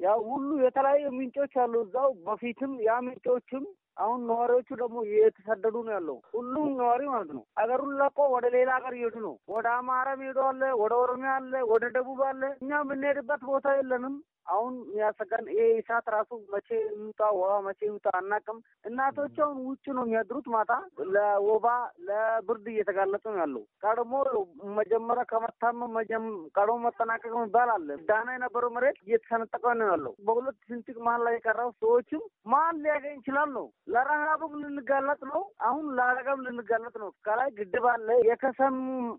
[SPEAKER 7] ያው ሁሉ የተለያዩ ምንጮች አሉ እዛው በፊትም ያ ምንጮችም አሁን ነዋሪዎቹ ደግሞ የተሰደዱ ነው ያለው። ሁሉም ነዋሪ ማለት ነው አገሩን ለቆ ወደ ሌላ ሀገር እየሄዱ ነው። ወደ አማራም ሄዶ አለ፣ ወደ ኦሮሚያ አለ፣ ወደ ደቡብ አለ። እኛ የምንሄድበት ቦታ የለንም። አሁን የሚያሰጋን ይሄ እሳት ራሱ መቼ ይውጣ ውሃ መቼ ይውጣ አናቅም። እናቶች አሁን ውጭ ነው የሚያድሩት። ማታ ለወባ ለብርድ እየተጋለጡ ነው ያለው። ቀድሞ መጀመሪያ ከመታመም ቀድሞ መጠናቀቅ የሚባል አለ። ዳና የነበረው መሬት እየተሰነጠቀ ነው ያለው። በሁለት ስንጥቅ መሀል ላይ የቀረው ሰዎችም ማን ሊያገኝ ይችላል ነው። ለረሃብም ልንጋለጥ ነው። አሁን ለአደጋም ልንጋለጥ ነው። ከላይ ግድብ አለ። የከሰም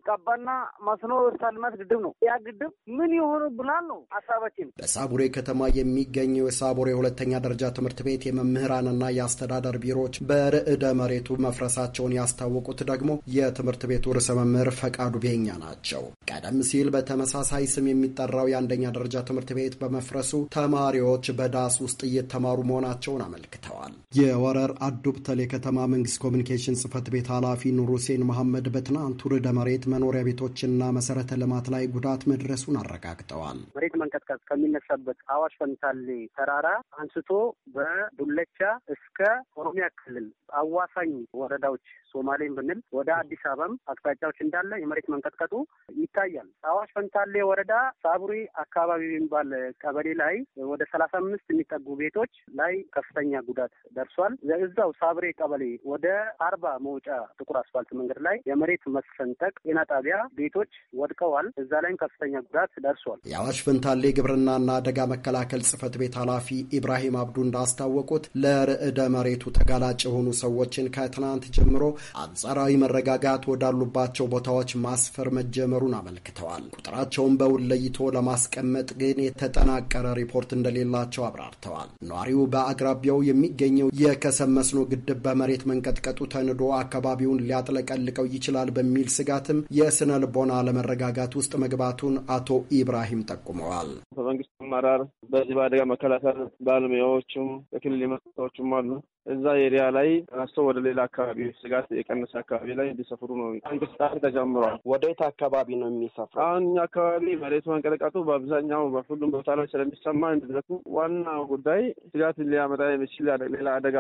[SPEAKER 7] ቀባና መስኖ ሳልማት ግድብ ነው። ያ ግድብ ምን የሆኑ ብላል ነው ሀሳባችን
[SPEAKER 2] በቡሬ ከተማ የሚገኘው የሳቦር የሁለተኛ ደረጃ ትምህርት ቤት የመምህራንና የአስተዳደር ቢሮዎች በርዕደ መሬቱ መፍረሳቸውን ያስታወቁት ደግሞ የትምህርት ቤቱ ርዕሰ መምህር ፈቃዱ ቤኛ ናቸው። ቀደም ሲል በተመሳሳይ ስም የሚጠራው የአንደኛ ደረጃ ትምህርት ቤት በመፍረሱ ተማሪዎች በዳስ ውስጥ እየተማሩ መሆናቸውን አመልክተዋል። የወረር አዱብተል የከተማ መንግስት ኮሚኒኬሽን ጽህፈት ቤት ኃላፊ ኑር ሁሴን መሐመድ በትናንቱ ርዕደ መሬት መኖሪያ ቤቶችና መሰረተ ልማት ላይ ጉዳት መድረሱን አረጋግጠዋል።
[SPEAKER 7] መሬት መንቀጥቀጥ ከሚነሳ ካለበት አዋሽ ፈንታሌ ተራራ አንስቶ በዱለቻ እስከ ኦሮሚያ ክልል አዋሳኝ ወረዳዎች ሶማሌን ብንል ወደ አዲስ አበባም አቅጣጫዎች እንዳለ የመሬት መንቀጥቀጡ ይታያል። አዋሽ ፈንታሌ ወረዳ ሳቡሪ አካባቢ የሚባል ቀበሌ ላይ ወደ ሰላሳ አምስት የሚጠጉ ቤቶች ላይ ከፍተኛ ጉዳት ደርሷል። እዛው ሳቡሬ ቀበሌ ወደ አርባ መውጫ ጥቁር አስፋልት መንገድ ላይ የመሬት መሰንጠቅ ጤና ጣቢያ ቤቶች ወድቀዋል። እዛ ላይም ከፍተኛ ጉዳት ደርሷል።
[SPEAKER 2] የአዋሽ ፈንታሌ ግብርናና አደጋ መከላከል ጽህፈት ቤት ኃላፊ ኢብራሂም አብዱ እንዳስታወቁት ለርዕደ መሬቱ ተጋላጭ የሆኑ ሰዎችን ከትናንት ጀምሮ አንጻራዊ መረጋጋት ወዳሉባቸው ቦታዎች ማስፈር መጀመሩን አመልክተዋል። ቁጥራቸውን በውል ለይቶ ለማስቀመጥ ግን የተጠናቀረ ሪፖርት እንደሌላቸው አብራርተዋል። ነዋሪው በአቅራቢያው የሚገኘው የከሰም መስኖ ግድብ በመሬት መንቀጥቀጡ ተንዶ አካባቢውን ሊያጥለቀልቀው ይችላል በሚል ስጋትም የስነ ልቦና አለመረጋጋት ውስጥ መግባቱን አቶ ኢብራሂም ጠቁመዋል።
[SPEAKER 6] በመንግስት አመራር በዚህ በአደጋ መከላከል ባለሙያዎችም በክልል የመጣዎችም አሉ እዛ ኤሪያ ላይ ተነስቶ ወደ ሌላ አካባቢዎች ስጋት የቀነሰ አካባቢ ላይ እንዲሰፍሩ ነው እንቅስቃሴ ተጀምሯል። ወዴት አካባቢ ነው የሚሰፍሩ? አሁን አካባቢ መሬቱ መንቀለቀቱ በአብዛኛው በሁሉም ቦታ ላይ ስለሚሰማ እንድረቱ ዋና ጉዳይ ስጋት ሊያመጣ የሚችል ሌላ አደጋ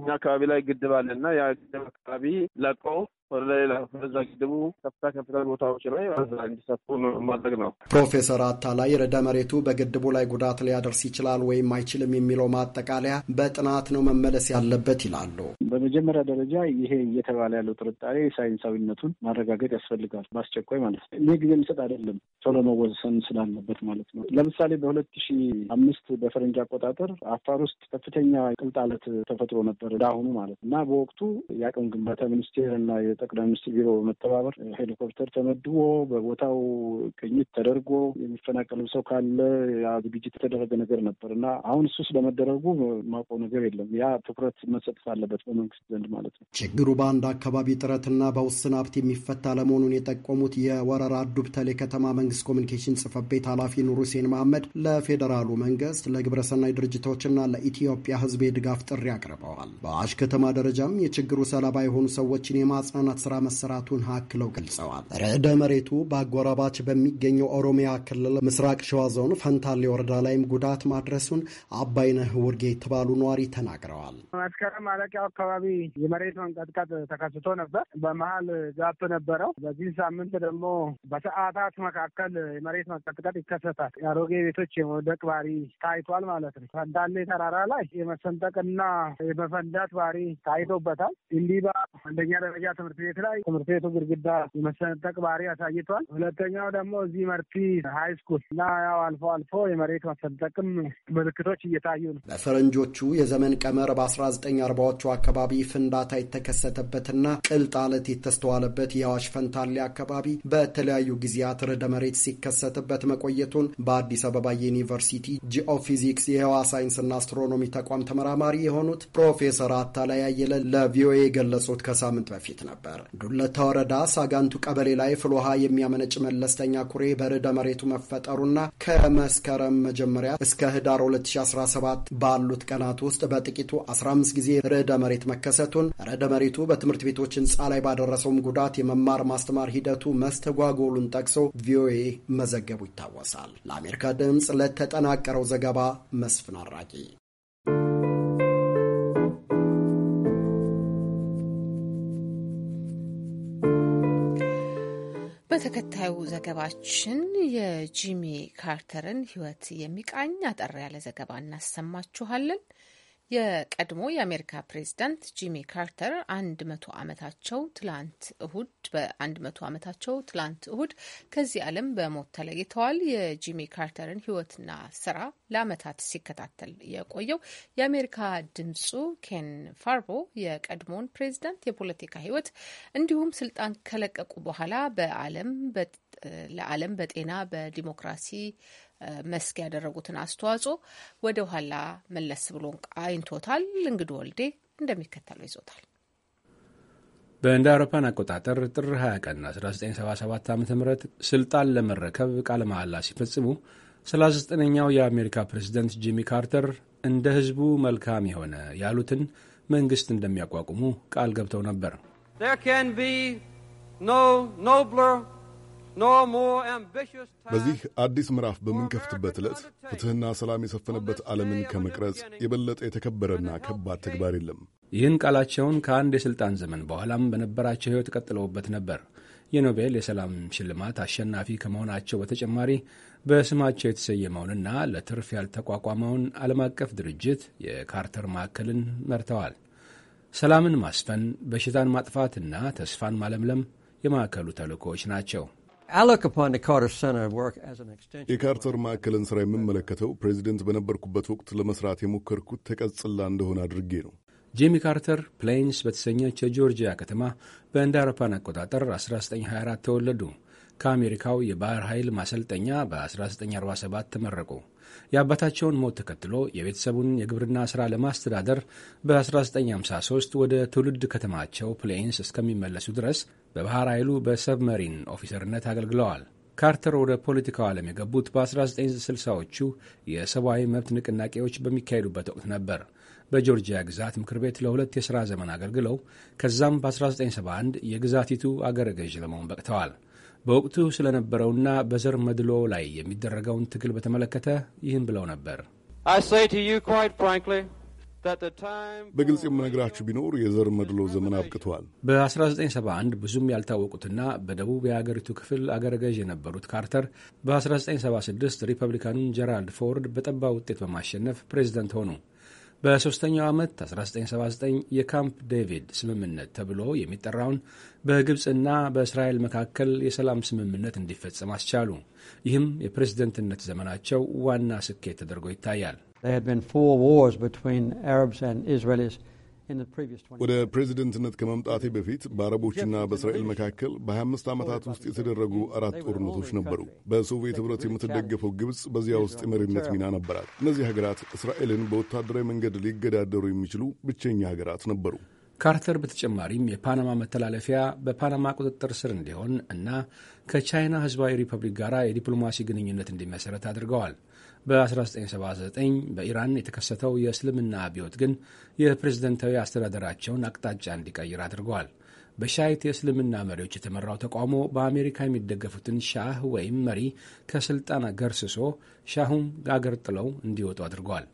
[SPEAKER 6] እኛ አካባቢ ላይ ግድብ አለ እና ያ ግድብ አካባቢ ለቆ ወደ ሌላ ወደዛ ግድቡ ከፍታ ከፍታ ቦታዎች ላይ ዛ እንዲሰፍሩ ማድረግ ነው።
[SPEAKER 2] ፕሮፌሰር አታላይ ርዕደ መሬቱ በግድቡ ላይ ጉዳት ሊያደርስ ይችላል ወይም አይችልም የሚለው ማጠቃለያ በጥናት ነው መመለስ ያለ አለበት ይላሉ።
[SPEAKER 6] በመጀመሪያ ደረጃ ይሄ እየተባለ ያለው ጥርጣሬ ሳይንሳዊነቱን ማረጋገጥ ያስፈልጋል በአስቸኳይ ማለት ነው። ይህ ጊዜ የሚሰጥ አይደለም፣ ቶሎ መወሰን ስላለበት ማለት ነው። ለምሳሌ በሁለት ሺ አምስት በፈረንጅ አቆጣጠር አፋር ውስጥ ከፍተኛ ቅልጣለት ተፈጥሮ ነበር እንዳሁኑ ማለት እና በወቅቱ የአቅም ግንባታ ሚኒስቴር እና የጠቅላይ ሚኒስትር ቢሮ በመተባበር ሄሊኮፕተር ተመድቦ በቦታው ቅኝት ተደርጎ የሚፈናቀለው ሰው ካለ ያ ዝግጅት የተደረገ ነገር ነበር እና አሁን እሱ ስለመደረጉ ማውቀው ነገር የለም። ያ ትኩረት በስፋት መሰጠት አለበት በመንግስት ዘንድ ማለት ነው።
[SPEAKER 2] ችግሩ በአንድ አካባቢ ጥረትና በውስን ሀብት የሚፈታ ለመሆኑን የጠቆሙት የወረራ ዱብተሌ ከተማ መንግስት ኮሚኒኬሽን ጽህፈት ቤት ኃላፊ ኑር ሁሴን መሐመድ ለፌዴራሉ መንግስት ለግብረሰናይ ድርጅቶችና ለኢትዮጵያ ህዝብ የድጋፍ ጥሪ አቅርበዋል። በአሽ ከተማ ደረጃም የችግሩ ሰለባ የሆኑ ሰዎችን የማጽናናት ስራ መሰራቱን አክለው ገልጸዋል። ርዕደ መሬቱ በአጎራባች በሚገኘው ኦሮሚያ ክልል ምስራቅ ሸዋ ዞን ፈንታሌ ወረዳ ላይም ጉዳት ማድረሱን አባይነህ ውርጌ የተባሉ ነዋሪ ተናግረዋል።
[SPEAKER 6] መስከረም ማለቂያው አካባቢ የመሬት መንቀጥቀጥ ተከስቶ ነበር። በመሀል ጋፕ ነበረው። በዚህ ሳምንት ደግሞ በሰዓታት መካከል የመሬት መንቀጥቀጥ ይከሰታል። የአሮጌ ቤቶች የመውደቅ ባህሪ ታይቷል ማለት ነው። ፈንዳሌ ተራራ ላይ የመሰንጠቅና የመፈንዳት ባህሪ ታይቶበታል። እንዲባ አንደኛ ደረጃ ትምህርት ቤት ላይ ትምህርት ቤቱ ግድግዳ የመሰንጠቅ ባህሪ አሳይቷል። ሁለተኛው ደግሞ እዚህ መርቲ ሀይ ስኩል እና ያው አልፎ አልፎ የመሬት መሰንጠቅም ምልክቶች እየታዩ ነው።
[SPEAKER 2] በፈረንጆቹ የዘመን ቀመር በአስራ 1940 ዎቹ አካባቢ ፍንዳታ የተከሰተበትና ቅልጥ አለት የተስተዋለበት የአዋሽ ፈንታሌ አካባቢ በተለያዩ ጊዜያት ርዕደ መሬት ሲከሰትበት መቆየቱን በአዲስ አበባ ዩኒቨርሲቲ ጂኦፊዚክስ የህዋ ሳይንስና አስትሮኖሚ ተቋም ተመራማሪ የሆኑት ፕሮፌሰር አታላይ አየለ ለቪኦኤ የገለጹት ከሳምንት በፊት ነበር። ዱለታ ወረዳ ሳጋንቱ ቀበሌ ላይ ፍል ውሃ የሚያመነጭ መለስተኛ ኩሬ በርዕደ መሬቱ መፈጠሩና ከመስከረም መጀመሪያ እስከ ህዳር 2017 ባሉት ቀናት ውስጥ በጥቂቱ 15 አምስት ጊዜ ርዕደ መሬት መከሰቱን፣ ርዕደ መሬቱ በትምህርት ቤቶች ህንፃ ላይ ባደረሰውም ጉዳት የመማር ማስተማር ሂደቱ መስተጓጎሉን ጠቅሶ ቪኦኤ መዘገቡ ይታወሳል። ለአሜሪካ ድምፅ ለተጠናቀረው ዘገባ መስፍን አራቂ።
[SPEAKER 1] በተከታዩ ዘገባችን የጂሚ ካርተርን ህይወት የሚቃኝ አጠር ያለ ዘገባ እናሰማችኋለን። የቀድሞ የአሜሪካ ፕሬዝዳንት ጂሚ ካርተር አንድ መቶ ዓመታቸው ትላንት እሁድ በአንድ መቶ ዓመታቸው ትላንት እሁድ ከዚህ ዓለም በሞት ተለይተዋል። የጂሚ ካርተርን ሕይወትና ስራ ለአመታት ሲከታተል የቆየው የአሜሪካ ድምጹ ኬን ፋርቦ የቀድሞውን ፕሬዝዳንት የፖለቲካ ሕይወት እንዲሁም ስልጣን ከለቀቁ በኋላ በዓለም ለዓለም በጤና በዲሞክራሲ መስክ ያደረጉትን አስተዋጽኦ ወደ ኋላ መለስ ብሎ አይንቶታል። እንግዱ ወልዴ እንደሚከተለው ይዞታል።
[SPEAKER 8] በእንደ አውሮፓን አቆጣጠር ጥር 20 ቀን 1977 ዓ ም ስልጣን ለመረከብ ቃለ መሐላ ሲፈጽሙ 39ኛው የአሜሪካ ፕሬዚደንት ጂሚ ካርተር እንደ ህዝቡ መልካም የሆነ ያሉትን መንግሥት እንደሚያቋቁሙ
[SPEAKER 9] ቃል ገብተው ነበር። በዚህ አዲስ ምዕራፍ በምንከፍትበት ዕለት ፍትሕና ሰላም የሰፈነበት ዓለምን ከመቅረጽ የበለጠ የተከበረና ከባድ ተግባር የለም። ይህን ቃላቸውን
[SPEAKER 8] ከአንድ የሥልጣን ዘመን በኋላም በነበራቸው ሕይወት ቀጥለውበት ነበር። የኖቤል የሰላም ሽልማት አሸናፊ ከመሆናቸው በተጨማሪ በስማቸው የተሰየመውንና ለትርፍ ያልተቋቋመውን ዓለም አቀፍ ድርጅት የካርተር ማዕከልን መርተዋል። ሰላምን ማስፈን፣ በሽታን ማጥፋት እና ተስፋን ማለምለም የማዕከሉ ተልእኮዎች ናቸው።
[SPEAKER 9] የካርተር ማዕከልን ስራ የምመለከተው ፕሬዚደንት በነበርኩበት ወቅት ለመስራት የሞከርኩት ተቀጽላ እንደሆነ አድርጌ ነው። ጂሚ ካርተር ፕሌንስ
[SPEAKER 8] በተሰኘች የጆርጂያ ከተማ በእንደ አውሮፓን አቆጣጠር 1924 ተወለዱ። ከአሜሪካው የባህር ኃይል ማሰልጠኛ በ1947 ተመረቁ። የአባታቸውን ሞት ተከትሎ የቤተሰቡን የግብርና ሥራ ለማስተዳደር በ1953 ወደ ትውልድ ከተማቸው ፕሌንስ እስከሚመለሱ ድረስ በባህር ኃይሉ በሰብመሪን ኦፊሰርነት አገልግለዋል። ካርተር ወደ ፖለቲካው ዓለም የገቡት በ1960ዎቹ የሰብአዊ መብት ንቅናቄዎች በሚካሄዱበት ወቅት ነበር። በጆርጂያ ግዛት ምክር ቤት ለሁለት የሥራ ዘመን አገልግለው ከዛም በ1971 የግዛቲቱ አገረ ገዥ ለመሆን በቅተዋል። በወቅቱ ስለነበረውና በዘር መድሎ ላይ የሚደረገውን ትግል በተመለከተ ይህን ብለው
[SPEAKER 9] ነበር። በግልጽ የምነግራችሁ ቢኖር የዘር መድሎ ዘመን አብቅተዋል።
[SPEAKER 8] በ1971 ብዙም ያልታወቁትና በደቡብ የአገሪቱ ክፍል አገረገዥ የነበሩት ካርተር በ1976 ሪፐብሊካኑን ጀራልድ ፎርድ በጠባ ውጤት በማሸነፍ ፕሬዚደንት ሆኑ። በሦስተኛው ዓመት 1979 የካምፕ ዴቪድ ስምምነት ተብሎ የሚጠራውን በግብፅና በእስራኤል መካከል የሰላም ስምምነት እንዲፈጸም አስቻሉ። ይህም የፕሬዝደንትነት ዘመናቸው ዋና ስኬት ተደርጎ ይታያል።
[SPEAKER 9] ወደ ፕሬዚደንትነት ከመምጣቴ በፊት በአረቦችና በእስራኤል መካከል በ25 ዓመታት ውስጥ የተደረጉ አራት ጦርነቶች ነበሩ። በሶቪየት ኅብረት የምትደገፈው ግብፅ በዚያ ውስጥ የመሪነት ሚና ነበራት። እነዚህ ሀገራት እስራኤልን በወታደራዊ መንገድ ሊገዳደሩ የሚችሉ ብቸኛ ሀገራት ነበሩ።
[SPEAKER 8] ካርተር በተጨማሪም የፓናማ መተላለፊያ በፓናማ ቁጥጥር ስር እንዲሆን እና ከቻይና ህዝባዊ ሪፐብሊክ ጋር የዲፕሎማሲ ግንኙነት እንዲመሰረት አድርገዋል። በ1979 በኢራን የተከሰተው የእስልምና አብዮት ግን የፕሬዝደንታዊ አስተዳደራቸውን አቅጣጫ እንዲቀይር አድርገዋል። በሻይት የእስልምና መሪዎች የተመራው ተቃውሞ በአሜሪካ የሚደገፉትን ሻህ ወይም መሪ ከስልጣን ገርስሶ ሻሁም አገር ጥለው እንዲወጡ አድርገዋል።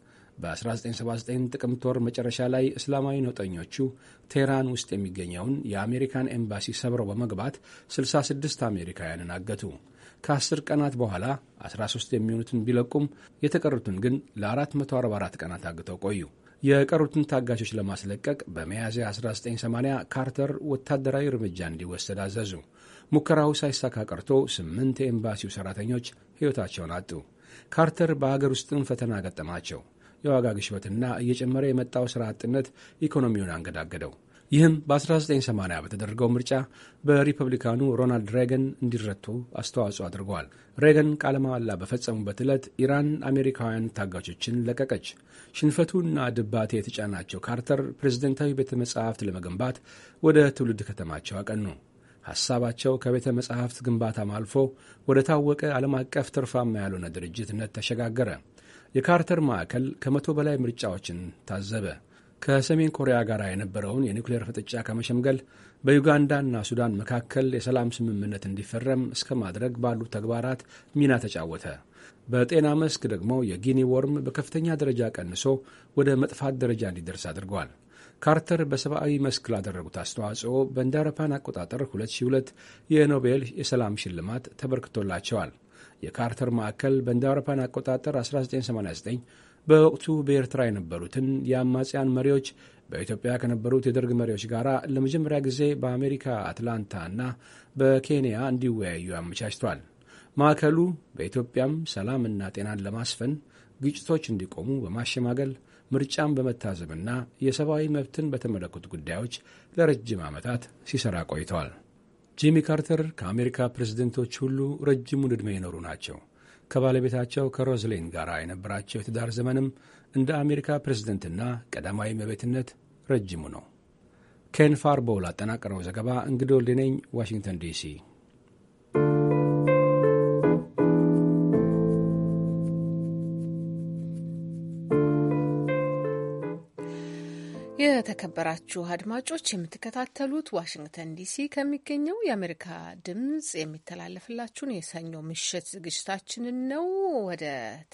[SPEAKER 8] በ1979 ጥቅምት ወር መጨረሻ ላይ እስላማዊ ነውጠኞቹ ቴህራን ውስጥ የሚገኘውን የአሜሪካን ኤምባሲ ሰብረው በመግባት 66 አሜሪካውያንን አገቱ። ከ10 ቀናት በኋላ 13 የሚሆኑትን ቢለቁም የተቀሩትን ግን ለ444 ቀናት አግተው ቆዩ። የቀሩትን ታጋቾች ለማስለቀቅ በሚያዝያ 1980 ካርተር ወታደራዊ እርምጃ እንዲወሰድ አዘዙ። ሙከራው ሳይሳካ ቀርቶ ስምንት የኤምባሲው ሠራተኞች ሕይወታቸውን አጡ። ካርተር በአገር ውስጥም ፈተና ገጠማቸው። የዋጋ ግሽበትና እየጨመረ የመጣው ሥራ አጥነት ኢኮኖሚውን አንገዳገደው። ይህም በ1980 በተደረገው ምርጫ በሪፐብሊካኑ ሮናልድ ሬገን እንዲረቱ አስተዋጽኦ አድርገዋል። ሬገን ቃለ መሐላ በፈጸሙበት ዕለት ኢራን አሜሪካውያን ታጋቾችን ለቀቀች። ሽንፈቱና ድባቴ የተጫናቸው ካርተር ፕሬዝደንታዊ ቤተ መጻሕፍት ለመገንባት ወደ ትውልድ ከተማቸው አቀኑ። ሐሳባቸው ከቤተ መጻሕፍት ግንባታም አልፎ ወደ ታወቀ ዓለም አቀፍ ትርፋማ ያልሆነ ድርጅትነት ተሸጋገረ። የካርተር ማዕከል ከመቶ በላይ ምርጫዎችን ታዘበ። ከሰሜን ኮሪያ ጋር የነበረውን የኒውክሌር ፍጥጫ ከመሸምገል በዩጋንዳና ሱዳን መካከል የሰላም ስምምነት እንዲፈረም እስከ ማድረግ ባሉ ተግባራት ሚና ተጫወተ። በጤና መስክ ደግሞ የጊኒ ወርም በከፍተኛ ደረጃ ቀንሶ ወደ መጥፋት ደረጃ እንዲደርስ አድርጓል። ካርተር በሰብአዊ መስክ ላደረጉት አስተዋጽኦ በእንደ አውሮፓውያን አቆጣጠር 2002 የኖቤል የሰላም ሽልማት ተበርክቶላቸዋል። የካርተር ማዕከል በእንደ አውሮፓውያን አቆጣጠር 1989 በወቅቱ በኤርትራ የነበሩትን የአማጽያን መሪዎች በኢትዮጵያ ከነበሩት የደርግ መሪዎች ጋር ለመጀመሪያ ጊዜ በአሜሪካ አትላንታ እና በኬንያ እንዲወያዩ አመቻችቷል። ማዕከሉ በኢትዮጵያም ሰላምና ጤናን ለማስፈን ግጭቶች እንዲቆሙ በማሸማገል ምርጫን በመታዘብና የሰብአዊ መብትን በተመለከቱ ጉዳዮች ለረጅም ዓመታት ሲሰራ ቆይተዋል። ጂሚ ካርተር ከአሜሪካ ፕሬዝደንቶች ሁሉ ረጅሙን ዕድሜ የኖሩ ናቸው። ከባለቤታቸው ከሮዝሌን ጋር የነበራቸው የትዳር ዘመንም እንደ አሜሪካ ፕሬዝደንትና ቀዳማዊ እመቤትነት ረጅሙ ነው። ኬን ፋርቦል አጠናቀረው ዘገባ እንግዶ ዋሽንግተን ዲሲ
[SPEAKER 1] የተከበራችሁ አድማጮች የምትከታተሉት ዋሽንግተን ዲሲ ከሚገኘው የአሜሪካ ድምጽ የሚተላለፍላችሁን የሰኞ ምሽት ዝግጅታችንን ነው። ወደ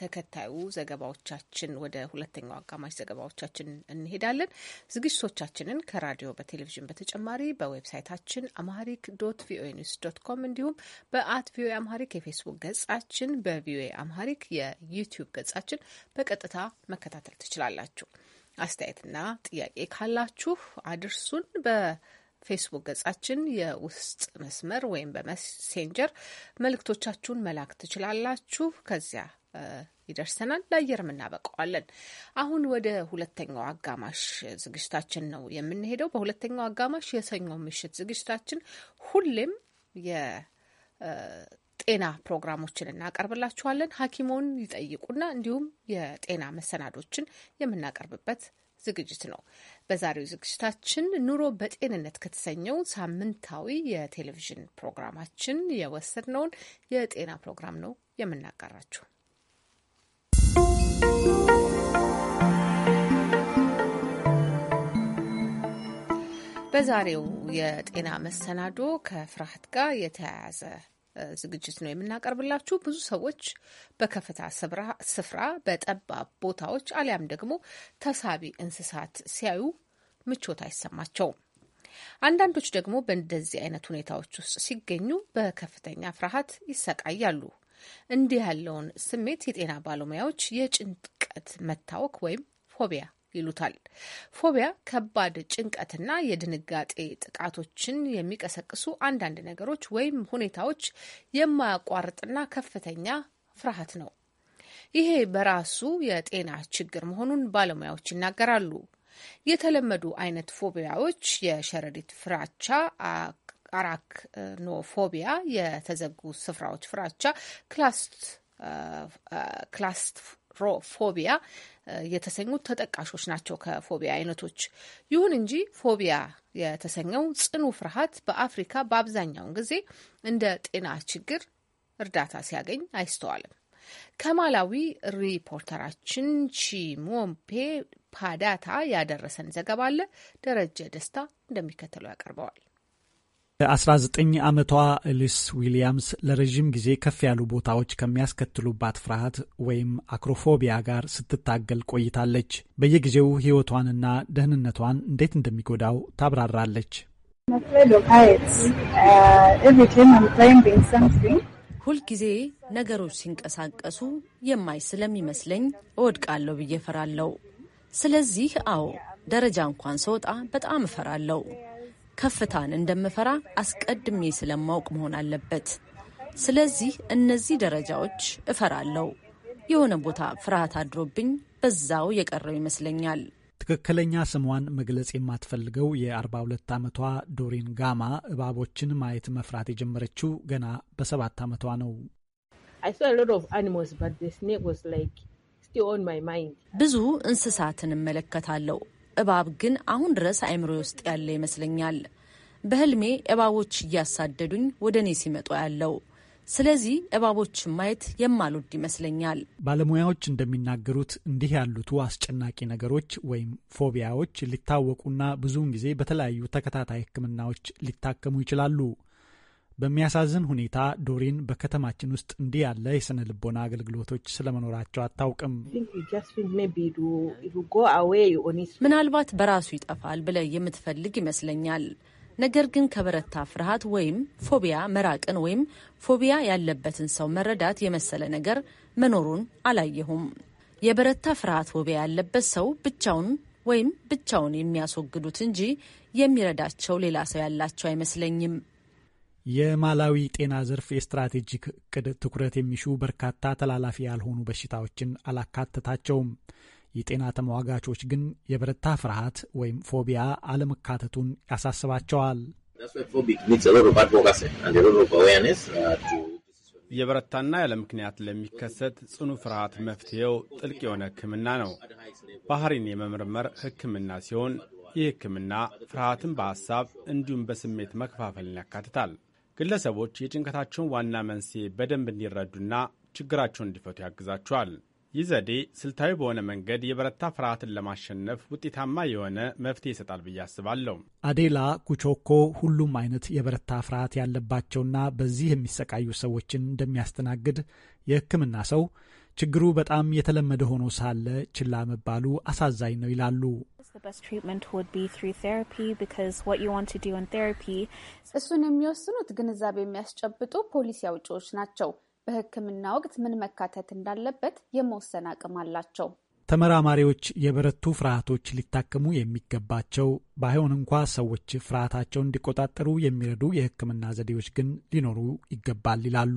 [SPEAKER 1] ተከታዩ ዘገባዎቻችን፣ ወደ ሁለተኛው አጋማሽ ዘገባዎቻችን እንሄዳለን። ዝግጅቶቻችንን ከራዲዮ በቴሌቪዥን በተጨማሪ በዌብሳይታችን አማሪክ ዶት ቪኦኤ ኒውስ ዶት ኮም እንዲሁም በአት ቪኦኤ አማሪክ የፌስቡክ ገጻችን፣ በቪኦኤ አማሪክ የዩቲዩብ ገጻችን በቀጥታ መከታተል ትችላላችሁ። አስተያየትና ጥያቄ ካላችሁ አድርሱን። በፌስቡክ ገጻችን የውስጥ መስመር ወይም በመሴንጀር መልእክቶቻችሁን መላክ ትችላላችሁ። ከዚያ ይደርሰናል፣ ለአየርም እናበቀዋለን። አሁን ወደ ሁለተኛው አጋማሽ ዝግጅታችን ነው የምንሄደው። በሁለተኛው አጋማሽ የሰኞ ምሽት ዝግጅታችን ሁሌም የጤና ፕሮግራሞችን እናቀርብላችኋለን። ሀኪሙን ይጠይቁና እንዲሁም የጤና መሰናዶችን የምናቀርብበት ዝግጅት ነው። በዛሬው ዝግጅታችን ኑሮ በጤንነት ከተሰኘው ሳምንታዊ የቴሌቪዥን ፕሮግራማችን የወሰድነውን የጤና ፕሮግራም ነው የምናጋራችሁ። በዛሬው የጤና መሰናዶ ከፍርሃት ጋር የተያያዘ ዝግጅት ነው የምናቀርብላችሁ። ብዙ ሰዎች በከፍታ ስፍራ፣ በጠባብ ቦታዎች አሊያም ደግሞ ተሳቢ እንስሳት ሲያዩ ምቾት አይሰማቸውም። አንዳንዶች ደግሞ በእንደዚህ አይነት ሁኔታዎች ውስጥ ሲገኙ በከፍተኛ ፍርሃት ይሰቃያሉ። እንዲህ ያለውን ስሜት የጤና ባለሙያዎች የጭንቀት መታወክ ወይም ፎቢያ ይሉታል። ፎቢያ ከባድ ጭንቀትና የድንጋጤ ጥቃቶችን የሚቀሰቅሱ አንዳንድ ነገሮች ወይም ሁኔታዎች የማያቋርጥና ከፍተኛ ፍርሃት ነው። ይሄ በራሱ የጤና ችግር መሆኑን ባለሙያዎች ይናገራሉ። የተለመዱ አይነት ፎቢያዎች የሸረሪት ፍራቻ አራክኖፎቢያ፣ የተዘጉ ስፍራዎች ፍራቻ፣ ክላስት ፎቢያ የተሰኙት ተጠቃሾች ናቸው ከፎቢያ አይነቶች። ይሁን እንጂ ፎቢያ የተሰኘው ጽኑ ፍርሃት በአፍሪካ በአብዛኛውን ጊዜ እንደ ጤና ችግር እርዳታ ሲያገኝ አይስተዋልም። ከማላዊ ሪፖርተራችን ቺሞምፔ ፓዳታ ያደረሰን ዘገባ አለ። ደረጀ ደስታ እንደሚከተለው ያቀርበዋል።
[SPEAKER 10] በ 19 ዓመቷ ኤሊስ ዊሊያምስ ለረዥም ጊዜ ከፍ ያሉ ቦታዎች ከሚያስከትሉባት ፍርሃት ወይም አክሮፎቢያ ጋር ስትታገል ቆይታለች። በየጊዜው ሕይወቷንና ደህንነቷን እንዴት እንደሚጎዳው
[SPEAKER 11] ታብራራለች።
[SPEAKER 12] ሁልጊዜ ነገሮች ሲንቀሳቀሱ የማይ ስለሚመስለኝ እወድቃለሁ ብዬ እፈራለሁ። ስለዚህ አዎ ደረጃ እንኳን ስወጣ በጣም እፈራለሁ። ከፍታን እንደምፈራ አስቀድሜ ስለማውቅ መሆን አለበት። ስለዚህ እነዚህ ደረጃዎች እፈራለሁ። የሆነ ቦታ ፍርሃት አድሮብኝ በዛው የቀረው ይመስለኛል።
[SPEAKER 10] ትክክለኛ ስሟን መግለጽ የማትፈልገው የ42 ዓመቷ ዶሪን ጋማ እባቦችን ማየት መፍራት የጀመረችው ገና በሰባት ዓመቷ ነው።
[SPEAKER 12] ብዙ እንስሳትን እመለከታለሁ እባብ ግን አሁን ድረስ አእምሮ ውስጥ ያለ ይመስለኛል። በህልሜ እባቦች እያሳደዱኝ ወደ እኔ ሲመጡ ያለው ስለዚህ እባቦችን ማየት የማልወድ ይመስለኛል።
[SPEAKER 10] ባለሙያዎች እንደሚናገሩት እንዲህ ያሉቱ አስጨናቂ ነገሮች ወይም ፎቢያዎች ሊታወቁና ብዙውን ጊዜ በተለያዩ ተከታታይ ሕክምናዎች ሊታከሙ ይችላሉ። በሚያሳዝን ሁኔታ ዶሪን በከተማችን ውስጥ እንዲህ ያለ የስነ ልቦና አገልግሎቶች ስለመኖራቸው አታውቅም።
[SPEAKER 12] ምናልባት በራሱ ይጠፋል ብለ የምትፈልግ ይመስለኛል። ነገር ግን ከበረታ ፍርሃት ወይም ፎቢያ መራቅን ወይም ፎቢያ ያለበትን ሰው መረዳት የመሰለ ነገር መኖሩን አላየሁም። የበረታ ፍርሃት ፎቢያ ያለበት ሰው ብቻውን ወይም ብቻውን የሚያስወግዱት እንጂ የሚረዳቸው ሌላ ሰው ያላቸው አይመስለኝም።
[SPEAKER 10] የማላዊ ጤና ዘርፍ የስትራቴጂክ እቅድ ትኩረት የሚሹ በርካታ ተላላፊ ያልሆኑ በሽታዎችን አላካተታቸውም። የጤና ተሟጋቾች ግን የበረታ ፍርሃት ወይም ፎቢያ አለመካተቱን ያሳስባቸዋል።
[SPEAKER 5] uh, የበረታና ያለ ምክንያት ለሚከሰት ጽኑ ፍርሃት መፍትሄው ጥልቅ የሆነ ሕክምና ነው። ባህሪን የመመርመር ሕክምና ሲሆን ይህ ሕክምና ፍርሃትን በሐሳብ እንዲሁም በስሜት መከፋፈልን ያካትታል። ግለሰቦች የጭንቀታቸውን ዋና መንስኤ በደንብ እንዲረዱና ችግራቸውን እንዲፈቱ ያግዛቸዋል። ይህ ዘዴ ስልታዊ በሆነ መንገድ የበረታ ፍርሃትን ለማሸነፍ ውጤታማ የሆነ መፍትሄ ይሰጣል ብዬ አስባለሁ።
[SPEAKER 10] አዴላ ኩቾኮ ሁሉም አይነት የበረታ ፍርሃት ያለባቸውና በዚህ የሚሰቃዩ ሰዎችን እንደሚያስተናግድ የሕክምና ሰው ችግሩ በጣም የተለመደ ሆኖ ሳለ ችላ መባሉ አሳዛኝ ነው ይላሉ።
[SPEAKER 3] እሱን የሚወስኑት ግንዛቤ የሚያስጨብጡ ፖሊሲ አውጪዎች ናቸው። በሕክምና ወቅት ምን መካተት እንዳለበት የመወሰን አቅም አላቸው።
[SPEAKER 10] ተመራማሪዎች የበረቱ ፍርሃቶች ሊታከሙ የሚገባቸው ባይሆን እንኳ ሰዎች ፍርሃታቸውን እንዲቆጣጠሩ የሚረዱ የሕክምና ዘዴዎች ግን ሊኖሩ ይገባል ይላሉ።